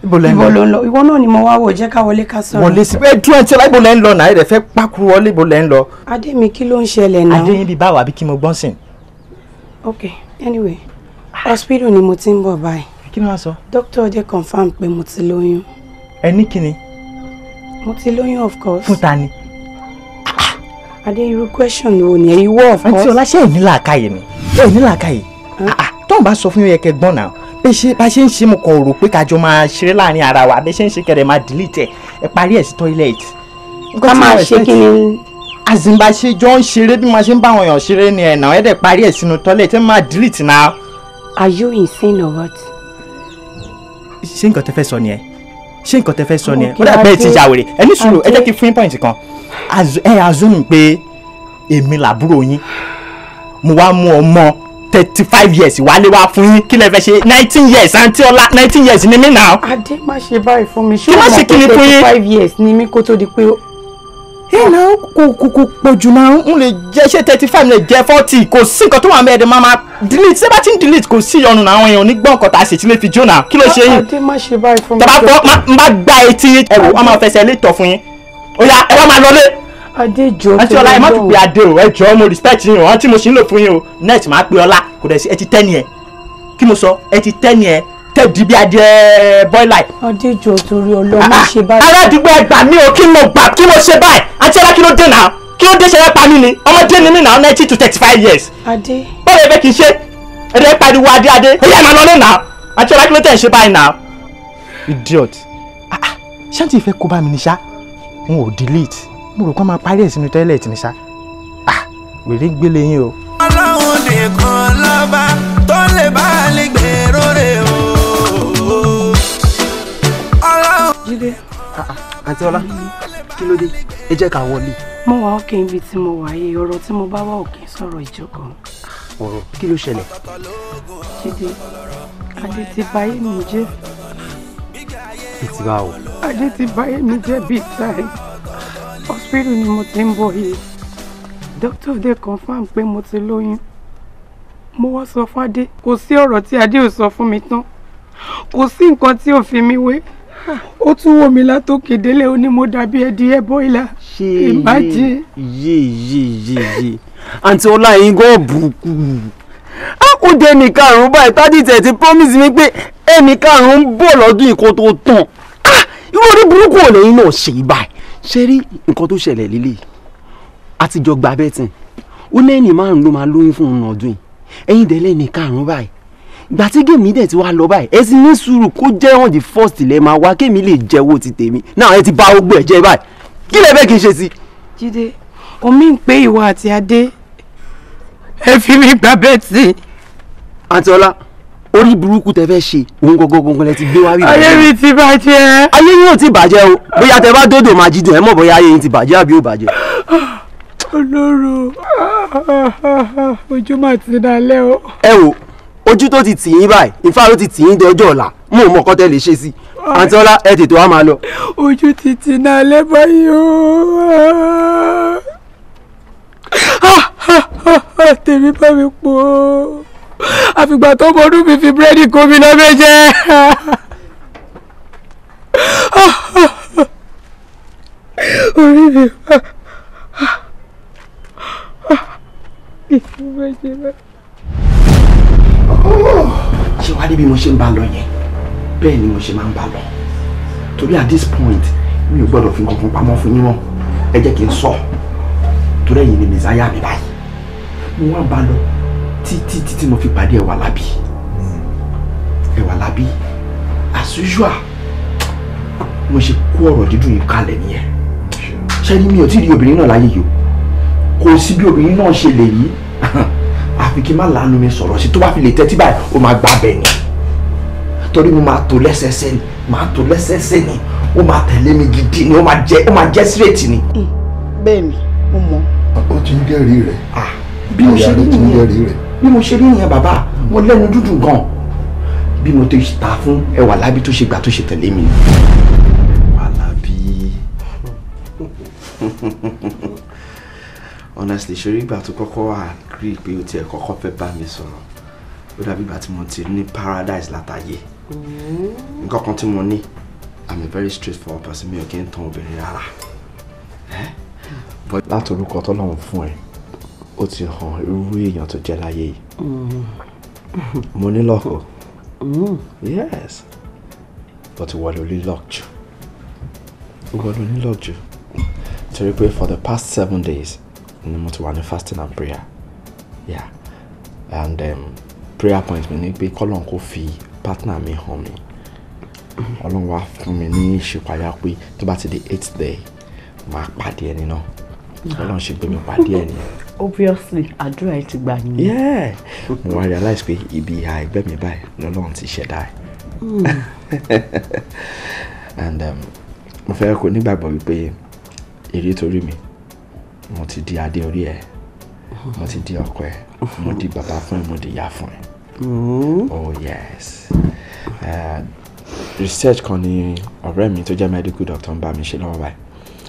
ibo lẹ ń lọ ìwọ náà ni mo wá wò jẹ́ ká wọlé ká sọ̀rọ̀. wọlé sí pé dúró ti ibo lẹ ń lọ náà ẹ fẹ́ pákúrú wọlé ibo lẹ ń lọ. adémi kí ló ń ṣẹlẹ̀ náà. adéyìn bíi báwo àbí kí mo gbọ́n sìn. ok anyway hospital ni mo ti ń bọ̀ báyìí kí ni wọ́n sọ. dókítà jẹ́ confam pé mo ti lóyún. ẹ ní kíni. mo ti lóyún of course. fún ta ni. adé irú question wo ni ìwọ of course. àǹtí ọlá ṣé ẹ ní làákàyè ni ẹ ní làákàyè ah, ah, tóun bá sọ fún yóò yẹ kẹ́ gbọ́n náà bẹ́ẹ̀ ṣe bá ṣe ń ṣe mo kàn rò pé kájọ máa ṣeré láàrin ara wa bẹ́ẹ̀ ṣe ń ṣe kẹrẹ máa delete ẹ ẹ parí ẹ sí toilet. ká máa ṣe kí ni. àzìmbà ṣe jọ ń ṣeré bí máa ṣe ń bá àwọn èèyàn ṣeré ni ẹ̀ náà ẹ̀ dẹ̀ parí ẹ̀ sínú toilet ẹ máa delete náà. are you insane or what? ṣé nǹkan tẹ fẹ́ sọ nìyẹn ṣé nǹkan tẹ fẹ́ sọ nìyẹn ó dàbẹ́ ti ya wèrè ẹ sùúrù ẹ jẹ́ kí fún point kan ẹ assume pé èmi làbúrò yín mo wá mú ọmọ thirty five years wálé wá fún yín kí lẹ fẹ́ ṣe nineteen years àǹtí ọlá nineteen years ni mí nà. adé má ṣe báyìí fún mi ṣé o mọ̀ thirty five years ni mí kó tó di pé ẹ oh. na kò kò kò jù náà n lè jẹ́ ṣé thirty five lè jẹ́ forty kò sí nǹkan tó wà mẹ́ẹ̀ẹ́dẹ́ máa ma delete ṣé bá ń delete kò sí ìyọnu náà àwọn èèyàn onígbọ́n nǹkan tá a lè fi jóná kí ló ṣe yín tàbá bọ́ n bá gba etí ẹ wọ́n máa fẹsẹ̀ lè tọ̀ fún yín ó ẹ wá máa lọlé. adéjọ àti ọlá ẹ má fi pe adé o ẹ jọ mo respect yín o àwọn tí mo sì ń lò fún yín o net máa pe ọlá kò dẹ̀ sí ẹ ti tẹ́ ni ẹ kí mo sọ ẹ ti tẹ́ ni ẹ tẹ̀ di bí adìẹ bọ́ìlà yìí. adéjọ torí ọlọ́mọ ah, ṣe báyìí. ará àdúgbò ẹgbà mi ò kí mo gbà kí mo ṣe báyìí àti ẹ̀rọ kí ló dé náà kí ló dé ṣe wá pa mí ni ọmọdé ni mí náà ninety to thirty five years. adé. bọ́ọ̀lù ẹgbẹ́ kì í ṣe ẹ̀rẹ́ pariwo adé adé ẹ̀yà máa lọ lónà àti ẹ̀rọ kí ló tẹ̀ ṣe báyìí náà. idiot ah, ah, ṣé àǹtí ìfẹ́ kó bá mi ní ṣá n ò delete mo rò kó máa parí ẹ̀ sínú tọ́ílẹ̀tì ní ṣá wèrè ń gbélé yín o. ọlọ́run nìkan lọ́ba tó lè bá a lè gbèrò rè o. Jídé. Ah, ah, àǹtí ọlá kí ló dé ẹ jẹ́ ká wọlé. mo wà òkè ibi tí mo wà yìí ọ̀rọ̀ tí mo bá wà òkè sọ̀rọ̀ ìjókòó. ọ̀rọ̀ kí ló ṣẹlẹ̀. Jídé adé ti báyé mi jẹ́. ìtìbá o. adé ti báyé mi jẹ́ bíi táì hospital ni mo ti ń bọ̀ yìí doctor dé confam pé mo ti lóyún mo wá sọ fún adé kò sí ọ̀rọ̀ tí adé ò sọ fún mi tán kò sí nǹkan tí ò fi mi wé ó tún wò mí látòkè délé ó ní mo dàbí ẹdìyẹ bọ́ìlà ìmájì. yé yé yé yé àǹtí ọláyin gan bùkù àkùdé ẹnì karùn-ún báyìí tádìtẹ̀ ti promise mi pé ẹnì karùn-ún ń bọ̀ lọ́dún ìkó tó tàn irú orí burúkú ọ̀lẹ́yìn náà ṣe báyìí ṣe rí nǹkan tó ṣẹlẹ̀ líle àtijọ́ gba bẹ́tìn ó lẹ́ni márùn-ún ló máa lóyún fún un ọdún yìí ẹ̀yìn dẹ́lẹ́ni karùn-ún báyìí gbà tí gèmí dẹ̀ ti wá lọ báyìí ẹ sì ní sùúrù kó jẹ́ on the first lẹ máa wá kémi lè jẹ́wọ́ ti tèmi náà ẹ ti bá ogbó ẹ̀ jẹ́ báyìí kí lè bẹ́ẹ̀ kí n ṣe sí. jíde omi ń pé ìwọ àti adé ẹ fi mi gbà bẹ́ẹ̀ tì. àǹtí orí burúkú tẹ fẹ́ ṣe òun gangan gangan lẹ ti gbé wá wíwá. ayé mi ti bàjẹ́. ayé yín ti bàjẹ́ o bóyá tẹ bá dòdò máa jí dùn ẹ mọ̀ bóyá ayé yín ti bàjẹ́ àbí ò bàjẹ́. olóró ojú mà ti dalẹ́ o. ẹ wo ojú tó ti tì yín báyìí ìfá ló ti tì yín dọjọ́ ọ̀la mú mọ̀ kọ́tẹ́ lè ṣe sí àǹtí ọlá ẹ tètè wá máa lọ. ojú ti tì náà lẹ́bàá yìí ó tèmi bá mi pò ó àfìgbà tó mọ ọdún mi fi búrẹ́dì kó mi lọ́ méjẹ́ orí mi ìfúnbẹ́jẹ́ báyìí ṣé wàá rí bí mo ṣe ń bá lọ yẹn bẹ́ẹ̀ ni mo ṣe máa ń bá lọ torí at this point mi ò gbọ́dọ̀ fi kankan pamọ́ fún yín mọ́ ẹ jẹ́ kí n sọ torí ẹ̀yin ni mẹ̀sáyà mi báyìí mo wá bá lọ títí títí mo fi pàdé ẹwà lábí ẹwà lábí as usual mo ṣe kó ọ̀rọ̀ dídùn yìí kalẹ̀ nìyẹn ṣé ni mi ò tí ì rí obìnrin náà láyé yìí o kò sí bí obìnrin náà ṣe lè yí àfi kí n má lanu mi sọ̀rọ̀ sí tó bá fi lè tẹ́tí báyìí ó máa gbà bẹ̀ ni torí mo máa tó lẹ́sẹsẹ ni máa tó lẹ́sẹsẹ ni ó máa tẹ̀lé mi gidi ni ó máa jẹ́ ó máa jẹ́ straight ni. Mm. bẹ́ẹ̀ ni mo mọ̀. ó ti ń dẹ́rì rẹ̀ ah, bí mo ṣe rí nìyẹn bí mo ṣe rí nìyẹn bàbá mo lẹ́nu dúdú gan bí mo ti ta fún ẹwà lábí tó ṣe gbà tó ṣe tẹ̀lé mi. wàhálà bíi. honestly ṣe rí ìgbà tó kọ́kọ́ wà rí pé o tiẹ̀ kọ́kọ́ fẹ́ bá mi sọ̀rọ̀ ó dàbí ìgbà tí mo ti ní paradise látàyè nǹkan kan tí mo ní i'm a very straightforward person mi ò kí ń tan obìnrin rárá but látòrúkọ tọ́lọ́run fún ẹ ó ti hàn irú èèyàn tó jẹ́ láyé yìí mm. mo ní lọ́kọ mm. yes but ìwọ ló ní lọ́kjù ìwọ ló ní lọ́kjù torí pé for the past seven days Number two, ti wà fasting and prayer yeah and um, prayer appointment. mi call pé kọ́lọ́n partner me, homie. Along with me, she mi ní ìṣèpáyà pé tó bá eighth day máa pàdé ẹni náà ọlọ́run she gbé mi pàdé ẹni. obviously àdúrà yìí ti gbà yín. yeah mo wá realize pé ibi ìhà ẹgbẹ́ mi báyìí lọ́lọ́run ti ṣẹ̀dá ẹ̀. Hmm. and um, mo fẹ́ kó nígbàgbọ́ wípé èrè torí me mo ti di adé orí ẹ uh-huh. mo ti di ọkọ ẹ mo di bàbá fún ẹ mo di ìyá fún ẹ. Mm-hmm. oh yes uh, research kan ni ọ̀rẹ́ mi tó jẹ́ medical doctor ń bá mi ṣe lọ́wọ́ báyìí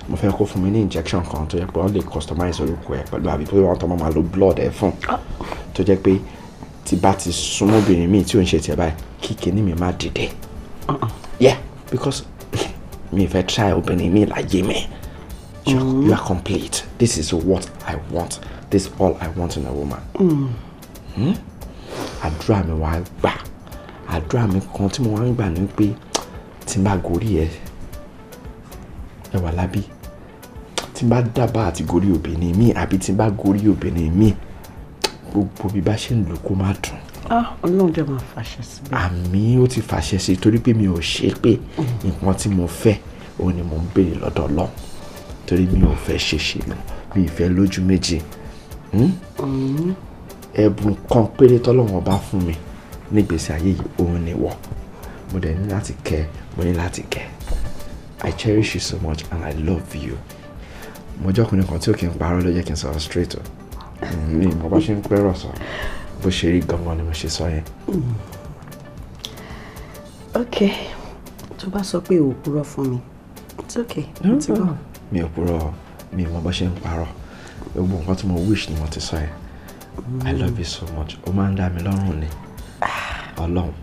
mo fẹ́ kó fún mi ní injection kan tó yẹ pé wọ́n lè customize orúkọ ẹ pẹ̀lú àbí pé wọ́n tọ́ mọ́ máa lo blood ẹ fún tó jẹ́ pé tí bá ti súnmọ́ obìnrin mi tí ò ń ṣe tiẹ̀ báyìí kí kinní mi má dìde uh-uh. yeah because mi fẹ́ try obìnrin mi láyé mi. Like You, mm. you are complete. This is what I want. This is all I want in a woman. Mm. Hmm? Àdúrà mi wàá gbà. Àdúrà mi kan I drive wá ń gbà ni pé tí n bá gorí ẹ ẹ wà mi àbí tí n bá gorí mi gbogbo bí bá ṣe ń lò kó má dùn. Ah, Ọlọ́run jẹ́ máa fàṣẹ sí ti fàṣẹ sí torí pé mi ò ṣe pé mm. nǹkan tí mo fẹ́ òun ni mò ń béèrè lọ́dọ̀ torí mi ò fẹ́ ṣe ṣe lọ mi ìfẹ́ lójú méjì hmm? ẹ̀bùn kan péré tọ́lọ́wọ́n bá fún mi nígbèsè ayé yìí òun ni wọ́ mo dẹ̀ ní láti kẹ́ mo ní láti kẹ́ I cherish you so much and I love you mo jọ́kùnrin kan tí ò kí n parọ́ ló jẹ́ kí n sọ̀rọ̀ straight o hmm, mi mo bá ṣe ń pẹ́rọ̀ sọ bó ṣe rí gangan ni mo ṣe sọ yẹn. Hmm. ok tó bá sọ pé òpùrọ́ fún mi it's okay. No, it's No mi ò purọ́ mi mọ bó ṣe ń parọ́ gbogbo nǹkan tí mo wish ni mo ti sọ yẹn i love you so much ó máa ń dá mi lọ́rùn ni ọlọ́run.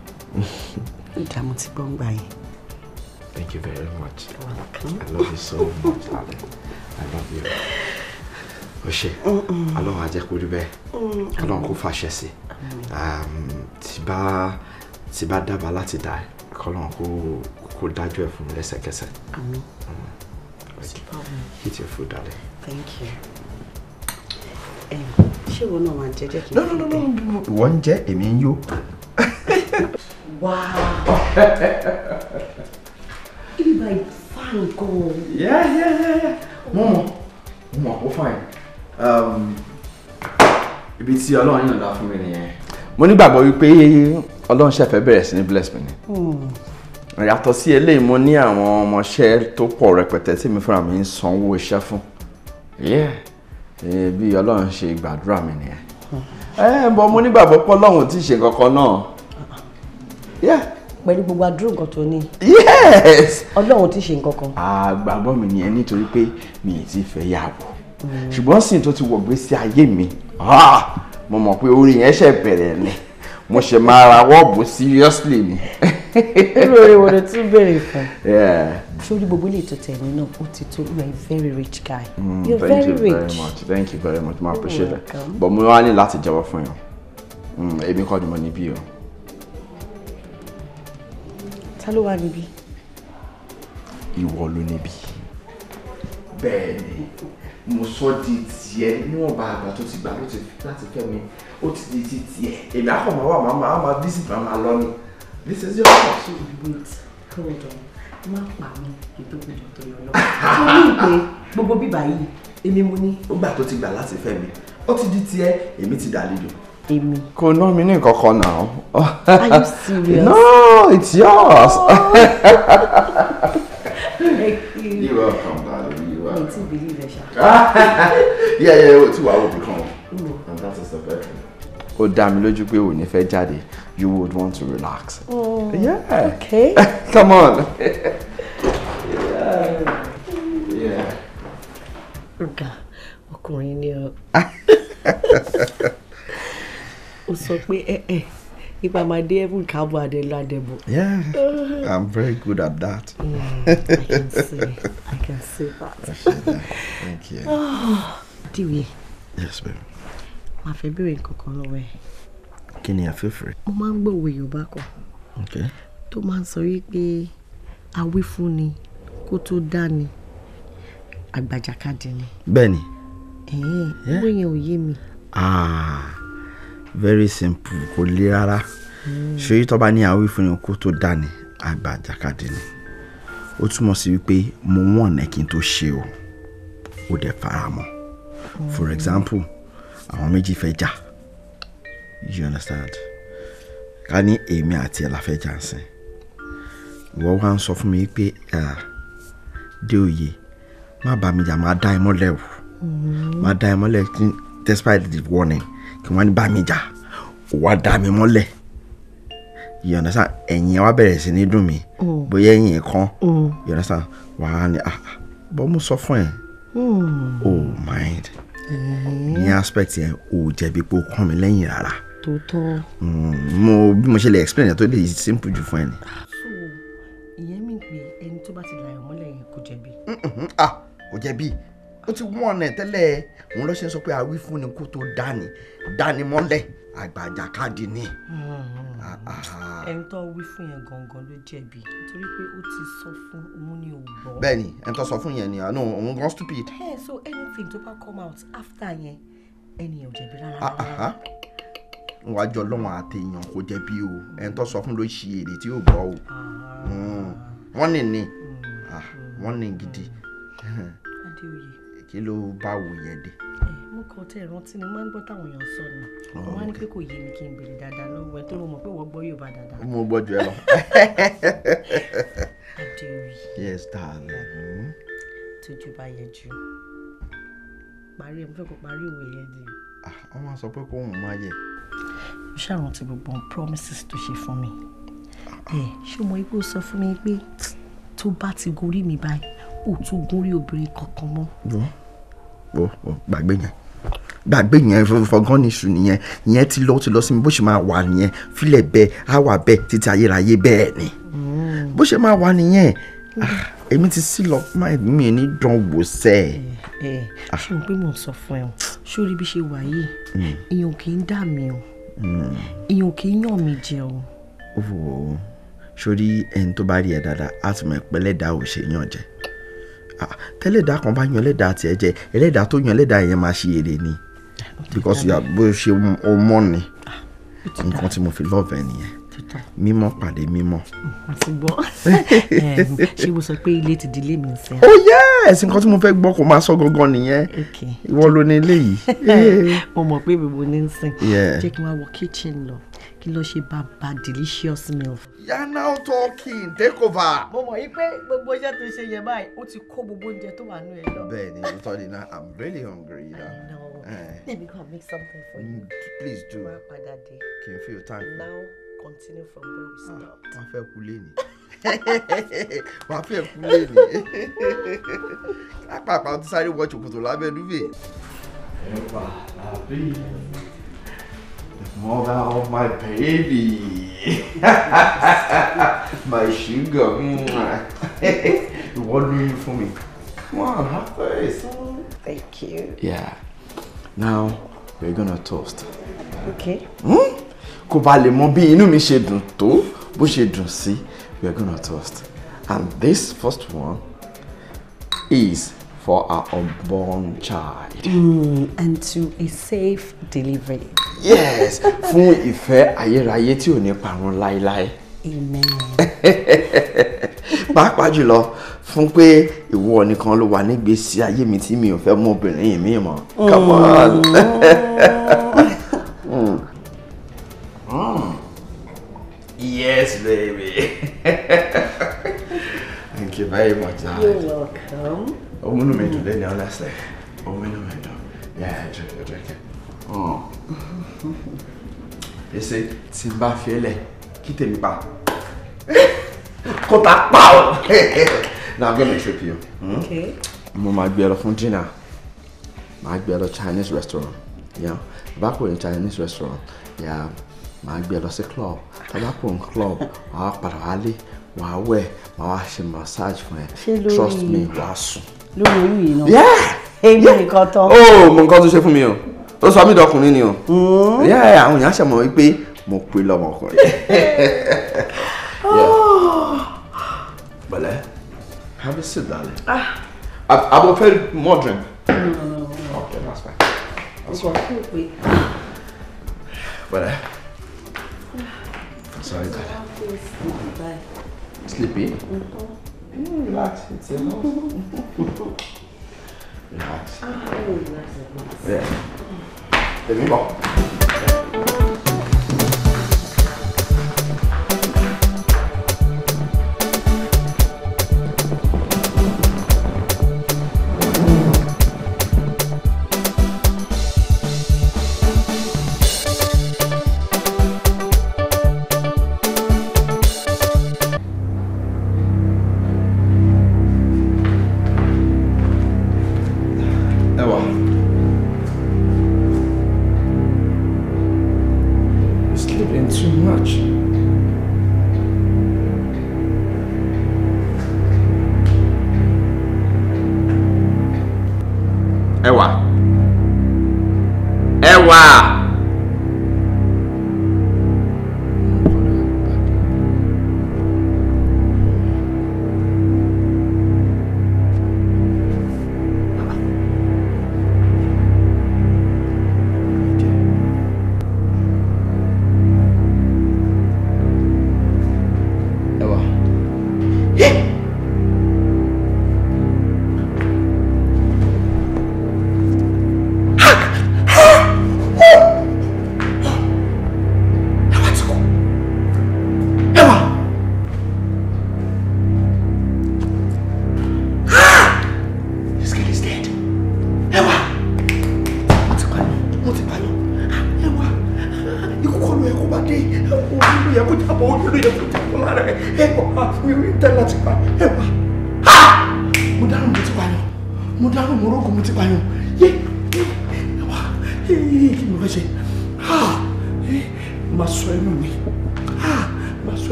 ìdààmú ti gbọ́ ń gbà yẹn. thank you very much i love you so much ale i love you o ṣe ọlọ́run á jẹ́ kó rí bẹ́ẹ̀ ọlọ́run kó fàṣẹ sí um, tí bá tí bá dábàá láti dá kọ́lọ́run kó kó dájú ẹ̀ fún mi lẹ́sẹ̀kẹsẹ̀. What's the problem? Eat your food, darling. Thank you. ṣé wo náà no, no. jẹ́ kí n fi bẹ́ẹ̀. wọ́n You jẹ́ èmi ń yó. wáá yeah. báyìí fáìn gan. mo mọ mo mọ ó fáìn um, ibi tí ọlọ́run yàn dá fún mi nìyẹn. mo nígbàgbọ́ wípé ọlọ́run ṣẹ̀fẹ̀ bẹ̀rẹ̀ sí ní bless mi yàtọ̀ sí eléyìí mo ní àwọn ọmọọṣẹ́ tó pọ̀ rẹpẹtẹ tí mi fúnra mi ń sanwó iṣẹ́ fún bí ọlọ́run ṣe gbàdúrà mi nìyẹn ẹ bọ mo nígbàgbọ́ pé ọlọ́run ti ṣe kankan náà. pẹ̀lú gbogbo àdúrà nǹkan tó ní. yes. ọlọ́run ti ṣe nǹkan kan. àgbàgbọ́ mi nìyẹn nítorí pé mi ì ti fẹ́ yàwó mm. ṣùgbọ́n sì tó ti wọ̀gbé sí ayé mi ah! mo mọ̀ pé orí yẹn ṣẹ̀ bẹ̀rẹ̀ ni mo ṣe máa ra wọ́ọ̀bù seriously ni. irú orin wo ló tún béèrè fún. sórí gbogbo ilé ìtọ́tẹ̀ ẹ̀mí náà ó ti tó you are a very rich guy. Mm, you are very rich. thank you very much thank you very much mo appreciate it but mo wá ní láti jẹ́wọ́ fún yín mm, èmi kọ́ ni mo níbí o. ta ló wà níbí. ìwọ ló níbí bẹ́ẹ̀ ni mo sọ di tiẹ̀ níwọ̀nba àgbà tó ti gbà láti fẹ́ mi ó ti di ti tiẹ̀ èmi àkọ́ máa wà máa máa máa visit máa máa lọ ni this is your house. so wait hold on má pa mí ìdókòjọ tó yọ lọ tó ní ìpè gbogbo bíbá yìí èmi mo ní. ó gbà tó ti gbà láti fẹ́ mi ó ti di tiẹ̀ èmi ti dàlejò. èmi. kò ná mi ní nǹkan kan náà. are you serious. no it's yours. Oh. Thank you. you're welcome mi ti believe ẹ yeah yeah o ti wà wò bí kan and that is the bedroom. Oh damn, you lójú pé ò ní fẹ́ jáde you would want to relax. Oh, yeah. okay. come on. yeah. Yeah. ọ̀gá ọkùnrin ni ọ. ó sọ pé ẹ eh, ẹ. Eh, if I'm a dear even come and Yeah. Uh-huh. I'm very good at that. Mm, I can see. I can see that. Thank you. Oh, Dewey. Yes, baby. Màá fẹ́ béèrè nǹkankan lọ́wọ́ ẹ. Kí ni àfẹ́fẹ́? Mo máa ń gbọ́ òwe Okay. Tó máa ń sọ wípé awífúnni kó tó dání àgbàjàkadì ni. Bẹ́ẹ̀ni. Ẹ̀ẹ́n, owó yẹn ò yé mi. Ah very simple kò le rárá ṣòyí tó ní àwọn ìfúnni okó tó dá ni àgbà àjàkadì ni ó túmọ̀ sí wípé mo wọ̀n ẹ́ kí n tó ṣe o ó dẹ̀ fara mọ́ for example àwọn méjì fẹ́ jà you understand ká ní èmi àti ẹ̀ la fẹ́ jà ń sìn ìwọ wá ń sọ fún mi pé dé òye má bá mi jà má dá ẹ mọ́lẹ̀ o má dá ẹ mọ́lẹ̀ despite the warning kí wọ́n bá mi jà ó dá mi mọ́lẹ̀ you understand ẹ̀yìn ẹ̀ wá bẹ̀rẹ̀ sí ní dùn mí mm. bóyá ẹ̀yìn ẹ̀ kan mm. you understand wàá ní ah, ah bọ́ mo sọ fún ẹ̀ mm. oh mind ní aspect yẹn ò jẹ̀bi pé ó kàn mí lẹ́yìn rárá mo bí mo ṣe lè explain ẹ̀ tó lè simple jù fún ẹ ni. so ìyẹn mi pé ẹni tó bá ti la ẹ̀ mọ́lẹ̀ yẹn kò jẹ̀bi. ah kò jẹ̀bi ó ti wọ́n ọ̀nà tẹ́lẹ̀ òun lọ́sẹ̀ sọ pé àwí fún ni kó tó dání dání mọ́lẹ̀ àgbàjà ni. Hmm. ẹni tó wí fún yẹn gangan ló jẹ̀bi nítorí pé ó ti sọ fún òun ni ò gbọ́. bẹ́ẹ̀ni ẹni tó sọ fún yẹn ni àná òun gan stupid. ẹ hey, so anything tó bá come out after yẹn ẹni yẹn ò jẹ̀bi rárá n ah, ah, ah. wá jọ lọ́wọ́n àtẹ̀yàn kò jẹ̀bi o ẹni tó sọ fún ló ṣe èrè tí yóò gbọ́ o hmm. wọ́n nì ní hmm. wọ́n nì gidi. adéoyè kí ló bá wò yẹn dé. mo kàn tẹ ìrántí ni máa ń gbọ́ táwọn èèyàn sọ ni mo oh, máa ń ní kò yé mi kí n béèrè dáadáa lọ́wọ́ ẹ tó mọ̀ pé wọ́n gbọ́ Yorùbá dáadáa. mo gbọ́ jù ẹ lọ. adéoyè yes darling. tójú bá yẹ jù parí ẹ mo fẹ́ kó parí òwe yẹn ni. Ah, wọ́n máa sọ pé kó òun máa yẹ. mo ṣàrántí gbogbo promises tó ṣe fún mi ah, ah. ṣé mo ikú sọ fún mi pé tó bá ti gorí mi báyìí ò tún gún rí obìnrin kankan mọ́. wò wò gbàgbé yẹn gbàgbé yẹn fọgán níṣu nìyẹn ìyẹn ti lọ ti lọ sí mi bó ṣe máa wà nìyẹn filẹ̀ bẹ́ẹ̀ á wà bẹ́ẹ̀ títí ayérayé bẹ́ẹ̀ ni mm. bó ṣe máa wà nìyẹn ah, èmi ti sí lọ máa mi ní dán wò sẹ́ ẹ̀. Eh, ẹ eh, ah. ṣé o pé mò ń sọ fún ẹ o sórí bí ṣe wà yìí èèyàn mm. kì í dà mí o èèyàn mm. kì í yàn mí jẹ o. sórí ẹni tó bá rí ẹ dáadáa á ti mọ ìpẹ́lẹ́dà ò ṣe yàn jẹ tẹ́lẹ̀dá kan bá yan ẹlẹ́dàá tiẹ̀ jẹ ẹlẹ́dàá tó yan ẹlẹ́dàá yẹn máa ṣe èrè ni because bó ṣe o mọ́ ni nǹkan tí mo fi love ẹ nìyẹn mímọ́ pàdé mímọ́. mo ti gbọ́ ṣé mo sọ pé ilé ti di ilé mi sẹ́. ó oh, yẹ ẹ̀sìn nǹkan tí mo fẹ́ gbọ́ kó máa sọ gangan nìyẹn ìwọ ló ní ilé yìí. mo mọ̀ pé mi mo ní sìn jẹ́ kí n wá wọ kitchen lọ kí ló ṣe bàbá delicious meal. you're now talking take over. mo mọ̀ yìí pé gbogbo iṣẹ́ tó ṣe yẹn báyìí ó ti kó gbogbo oúnjẹ tó wà nù ẹ lọ. bẹ́ẹ̀ni mo tọ́ ni na i'm really hungry. You know? i know eh. let me go and make something for you. Mm, please do. máa padà dé. kì í fi o tán. now continue from where we ah, stopped. wọ́n fẹ́ kú lẹ́nu wọ́n fẹ́ kú lẹ́nu lápapọ̀ àwọn tó sáré wọ́ọ̀ṣù kòtò lábẹ́ dúbẹ̀. ẹ wà lábẹ́ Mother of my baby. my sugar. what do you for me? Come on, have this. Thank you. Yeah. Now, we're gonna toast. Okay. Hmm? Kó ba inu mi ṣe dùn bu bó ṣe dùn sí, we're gonna toast. And this first one is for our unborn child. Mm, and to a safe delivery. Yes, fún ìfẹ́ ayérayé tí ò ní parun láéláé. Amen. Pàápàá jùlọ fún pé ìwọ nìkan ló wà nígbésí ayé mi tí mi ò fẹ́ mú obìnrin mi mọ́. Come on. Mm. Mm. Mm. Yes, baby. Thank you very much. You're welcome ọmọnú mi dùn lẹ́nu ọlásẹ̀ ọmọnú mi dùn yà á jẹ ọjọ́ kẹ. èsì tí n bá fi ẹlẹ̀ kí tèmi pa kó ta pa o na gbé mi trip yìí hmm? mo máa gbé ẹ lọ fún dinner máa gbé ẹ lọ Chinese restaurant Yeah. Back kò ní Chinese restaurant Yeah. máa gbé ẹ lọ sí club tọ́lá kò ní club wàá padà wálé wàá wẹ̀ wàá ṣe massage fún ẹ trust me wàá sùn lórí oyún yìí náà èmi nìkan tán. ó oh, mọ nǹkan tó ṣe fún mi o tó sọ mí dọkùnrin ni o mm. àwọn èèyàn ṣàmọ̀ wípé mo pe lọmọkùnrin. Bale, oh. have a seat, darling. Ah. I, I will pay drink. No, Okay, that's fine. That's fine. Wait. Bale. Ah. Sorry, darling. Sleepy? Mm-hmm. Mm, relax, it's enough. relax. Ah, relax. Yeah. There we go.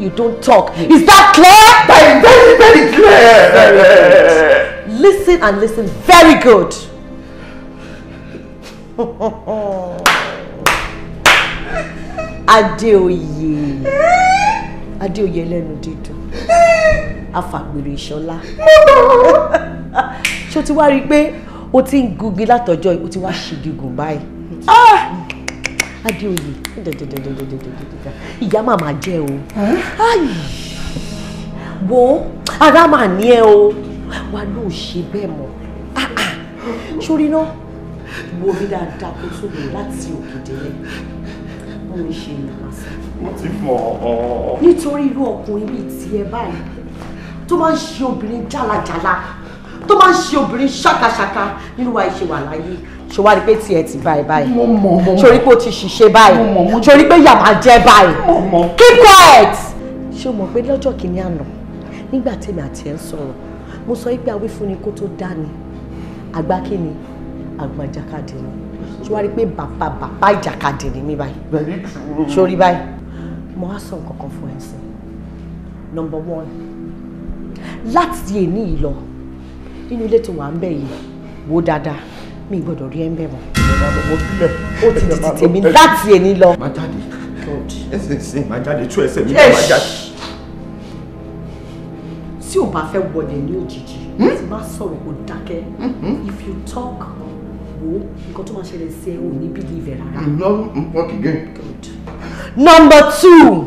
you don't talk. Is that clear? That is very, very clear. Very good. Listen and listen very good. Adéoyè. Adéoyè lẹ́nu dídùn. Afàgbèrè Ìṣọlá. Ṣé o ti wá rí i pé o ti ń gugi látọjọ́ o ti wá ṣègùn báyìí? Ah! Adéoyè ìyá màmá jẹ́ o wo ara mà ní ẹ o wa ló ṣe bẹ́ẹ̀ mọ́ sórí náà wo mi dáadáa kó tó lè láti òkè délẹ̀ mo lè ṣe ìrànlọ́sẹ̀. wọ́n ti fọ ọ. nítorí irú ọkùnrin bíi tiẹ̀ báyìí tó máa ń ṣe obìnrin jálajàla tó máa ń ṣe obìnrin ṣàkàṣàkà nínú wa ìṣe wà láyé ṣe wá rí pé tiẹ̀ ti báyìí báyìí ṣorí pé o ti ṣiṣẹ́ báyìí ṣorí pé yàrá jẹ́ báyìí keep quiet. ṣé o mọ̀ pé lọ́jọ́ kìíní àná nígbà tèmi àti ẹ̀ ń sọ̀rọ̀ mo sọ pé awífúnni kó tó dá ni àgbà kí ni àgbà jàkadì ni ṣé wá rí pé bàbá bàbá ìjàkadì ni mí báyìí ṣorí báyìí mo wá sọ nǹkan fún ẹ̀ sí number one láti èní ìlọ inú ilé tó wà ń bẹ̀ yìí wò dáadáa mi gbọ́dọ̀ rí ẹ ń bẹ̀ mọ́. ó ti di ti tèmi láti èní lọ. má jáde ẹsẹ̀ ẹsẹ̀ má jáde tú ẹsẹ̀ mi má jáde. tí o bá fẹ́ wọlé ní òjijì hmm? tí má sọ̀rọ̀ kó dákẹ́ hmm? if you talk wo nǹkan tó máa ṣẹlẹ̀ sí ẹ ò ní believe rárá. no work again. good. number two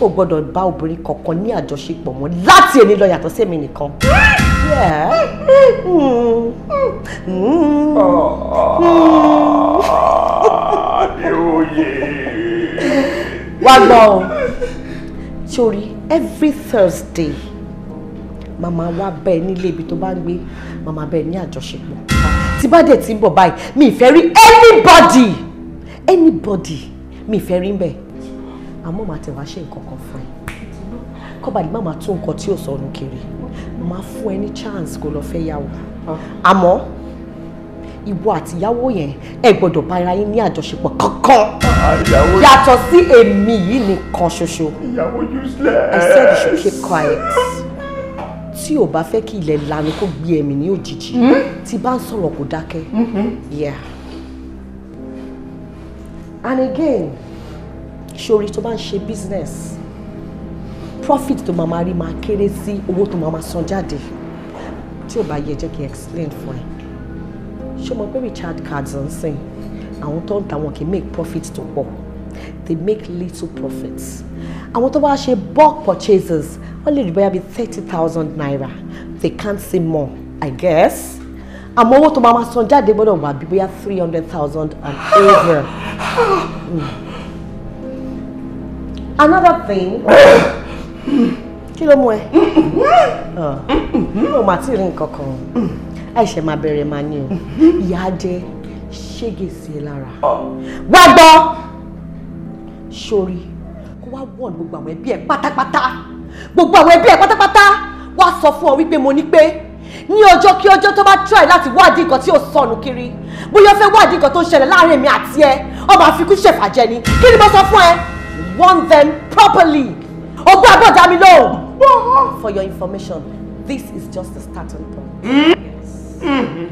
o gbọ́dọ̀ bá obìnrin kankan ní àjọṣepọ̀ mọ́ láti èní lọ yàtọ̀ sí èmi nìkan. Yeah. Mm. Mm. every Thursday Mama wa bẹ́ẹ̀ nílé ibi tó bá ń gbé màmá bẹ́ẹ̀ ní àjọṣepọ̀ tí bá dẹ̀ ti ń bọ̀ báyìí mi ì fẹ́ rí anybody anybody mi ì fẹ́ rí ń bẹ̀ àmọ́ màá tẹ̀ wá ṣe nǹkan kan fún ẹ kọ́ba lè mama máa tún nǹkan tí ò sọnù kiri ma fún ẹ ní chance kó lọ fẹ́ yàwó ah. àmọ́ ìwọ àtìyàwó yẹn ẹ gbọ́dọ̀ bá ara yín ní àjọṣepọ̀ kankan ah, yàtọ̀ sí èmi yìí nìkan ṣoṣo ìyàwó useless I said she should keep quiet tí o bá fẹ́ kí ilẹ̀ lanu kó gbé ẹ̀mí ní òjijì hmm? tí bá ń sọ̀rọ̀ kó dákẹ́ mm-hmm. yeah and again ṣorí tó bá ń ṣe business profit tó máa máa rí máa kéré sí owó tó máa máa san jáde tí ò bá yẹ jẹ́ kí explain fún ẹ ṣé o mọ̀ pé Richard cards ń sìn àwọn tó ń ta wọn kì í make profit tó pọ̀ they make little profits àwọn tó bá ṣe bulk purchases wọ́n lè rí bóyá bíi thirty thousand naira they can't see more I guess àmọ́ owó tó máa máa san jáde gbọ́dọ̀ wà bí bóyá three hundred thousand and over. Hmm. Another thing kí ló mú ẹ ọ mà tí ì rí nǹkan kan àìṣe máa bẹ̀rẹ̀ máa ní o ìyá jẹ́ ṣége sí ẹ lára wá gbọ́ sórí kó wá wọ̀n gbogbo àwọn ẹbí ẹ pátápátá gbogbo àwọn ẹbí ẹ pátápátá wá sọ fún ọ wípé mo ní pé ní ọjọ́ kí ọjọ́ tó bá try láti wádìí nǹkan tí ò sọnù kiri bóyá ó fẹ́ wádìí nǹkan tó ń ṣẹlẹ̀ láàrin èmi àti ẹ ọmọ àfikún ṣèfàjẹ ni kí ni mo sọ fún ẹ warn them properly. Ogbó àbọ̀ dá mi lóhùn. For your information, this is just the starting point. Ẹwà mm-hmm.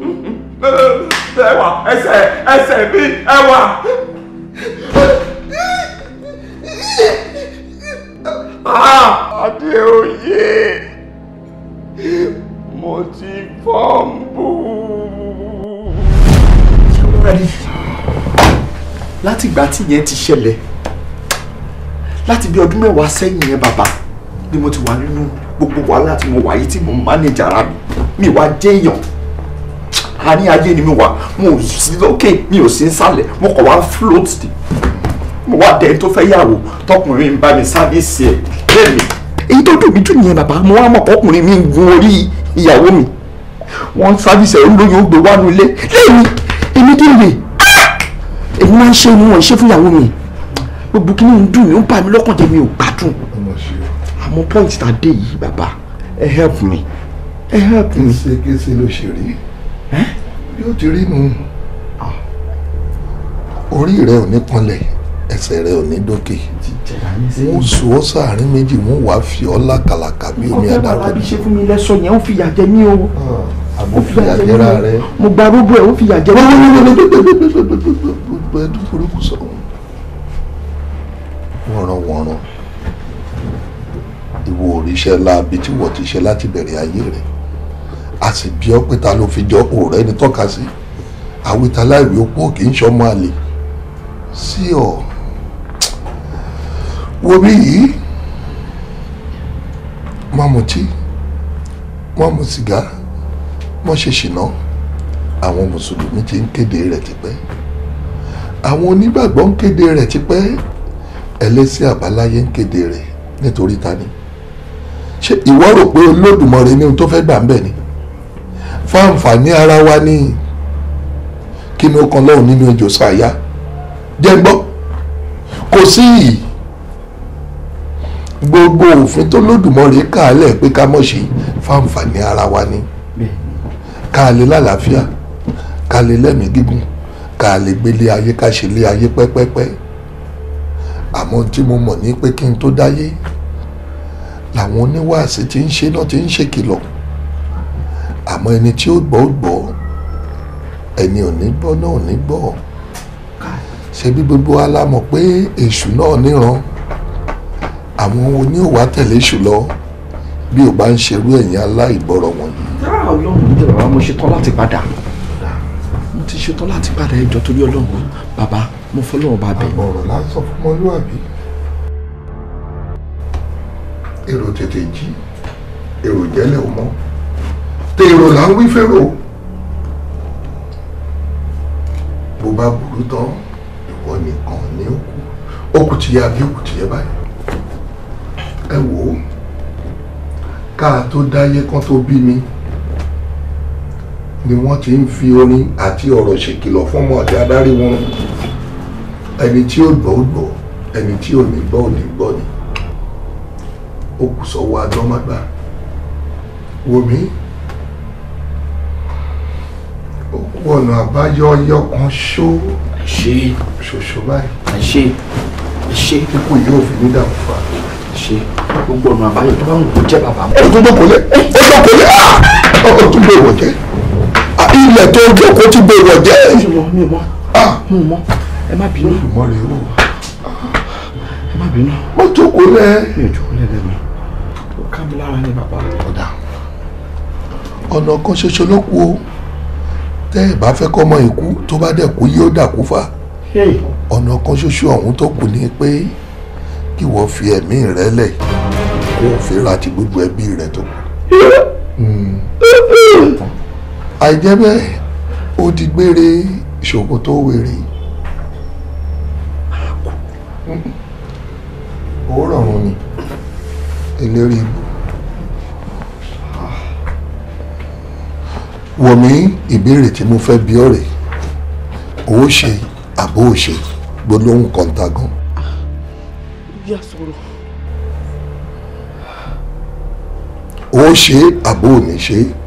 mm-hmm. mm-hmm. ẹsẹ̀ ẹsẹ̀ mi ẹwà. Ah, Adéoyè, mo ti fọ́nbù. Látìgbà tí yẹn ti ṣẹlẹ̀ láti bí ọdún mẹ́wàá sẹ́yìn yẹn bàbá ni mo ti wà nínú gbogbo wàhálà tí mo wà tí mo manage ara mi mi wá jẹ́ èèyàn àní ayé ni mi wà mo sí lókè mi ò sí nsàlẹ̀ mo kàn wá float ni mo wá dẹ́n tó fẹ́ yàwó tọkùnrin ń bá mi sábìsì ẹ̀ lẹ́mi. èyí tó dùn mí dùn nìyẹn bàbá mo wá mọ̀ ọkùnrin mi gun orí ìyàwó mi wọ́n sábìsì ẹ̀ olóyún ó gbé wánu ilé lẹ́mi èmi kí n ah! èmi máa ń ṣe ni wọ́n fún ìyàwó mi gbogbo kí ni ń dùn mí ń bà mí lọ́kàn jẹ́ mi ò gbádùn àmọ́ point ta dé yìí bàbá ẹ help me ẹ help me. ṣé kése ló ṣe rí yóò ti rí nu orí rẹ ò ní kanlẹ̀ ẹsẹ̀ rẹ ò ní dókè wọ́n sọ ọ́ sáàrin méjì wọ́n wá fi ọ́ làkàlàkà bí omi àdàkọ́. ọkọ bí ṣe fún mi lẹ́sọ̀ yẹn ó fi yà jẹ mí o ó fi yà jẹ mí o mo gba arúgbó ẹ̀ ó fi yà jẹ mí o wọ̀nranwọ̀nran ìwọ òrìṣẹ́ láabi tí wọ́n ti ṣe láti bẹ̀rẹ̀ ayé rẹ̀ a sì bí ọ pé ta ló fi jọ ọ̀rẹ́ ni tọ́ka sí àwítà láìwí opó kì í ṣọmọ àlè sí ọ wo bí yìí má mutí má mu sìgá má ṣe ṣìnà àwọn mùsùlùmí ti ń kéde rẹ̀ tipẹ́ àwọn onígbàgbọ́ ń kéde rẹ̀ tipẹ́ ẹlẹ́sìn àbáláyé ń kéde rẹ̀ nítorí tani. ni ṣé ìwọ rò pé olódùmarè ní ohun tó fẹ́ gbà ń bẹ̀ ni fáǹfààní ara wa ní kí ni ó kan lọ́hùn nínú ejò sàyà jẹ́ gbọ́ kò sí yìí gbogbo òfin tó lódùmarè kàálẹ̀ pé ká mọ̀ sí fáǹfààní ara wa ni káàlè lálàáfíà káàlè lẹ́mìí gígùn káàlè gbélé ayé ká ṣe lé ayé pẹ́pẹ́pẹ́. Pe, pe, àmọ́ tí mo mọ̀ ní pé kí n tó dáyé làwọn oníwàásí ti ń ṣe náà ti ń ṣèkìlọ̀ àmọ́ ẹni tí ó gbọ́ ó gbọ́ ẹni ò ní gbọ́ náà ò ní gbọ́ ṣe bí gbogbo wa la mọ̀ pé èṣù náà níran àwọn oníwà tẹ̀lé èṣù lọ bí o bá ń ṣerú ẹ̀yìn aláìgbọ́rọ̀ wọn. ọlọ́run tẹ bàbá mo ṣetán láti padà mo ti ṣetán láti padà ẹjọ́ torí ọlọ́run bàbá mo fọlọ́ ọba bẹ̀. àbọ̀rọ̀ lásán fún ọmọlúwàbí èrò tètè jí èrò jẹ́lẹ̀ ò mọ́ tèrò là ń wí fèrò bó bá burú tán ìwọ nìkan ní òkú òkú ti yá bí òkú ti yẹ báyìí ẹ wò ó káà tó dáyé kán tó bí mi ni wọ́n ti ń fi orin àti ọ̀rọ̀ ṣèkìlọ̀ fún ọmọ ọ̀dẹ́ adarí wọn ẹni tí ó gbọ́ ó gbọ́ ẹni tí ò ní gbọ́ ò ní gbọ́ ni ó kù sọ́wọ́ adọ́mọ́gbà wò mí òkú ọ̀nà àbáyọ ọyọ kan ṣó ṣoṣo báyìí ikú yóò fi ní dàmú fa gbogbo ọ̀nà àbáyọ tó bá ń wò jẹ́ bàbá mi. ó tún dókòlé ó dókòlé ah! ó tún gbé ìwọ̀jẹ́ ah! ilẹ̀ tó jókòó ti gbé ìwọ̀jẹ́. mi ò mọ̀ mi ò mọ̀. Ah! ẹ má bínú. ìmọ̀ rẹ̀ wò. ẹ má bínú. mo jókòó lẹ̀. mi ò jókòó lẹ̀ lẹ́nu. ó ká mi lára ni bàbá. ọ̀dà ọ̀nà kan ṣoṣo ló kù o tẹ́ ẹ bá fẹ́ kọ́ ọmọ ìkú tó bá dẹ̀ kú yóò dàkú fa ọ̀nà kan ṣoṣo ọ̀hún tó kù ni pé kí wọ́n fi ẹ̀mí rẹ lẹ̀ kó o fi ra ti gbogbo ẹbí rẹ tó àìjẹ́ bẹ́ẹ̀ ó ti gbére ṣòkòtò wèrè ó homem ele é ibù wọ̀mí homem tí mo fẹ́ bi ọ́ rèé ó ṣe àbó ṣe gbólóhùn kọ́ńtà gan. ìyá sọ̀rọ̀. ó ṣe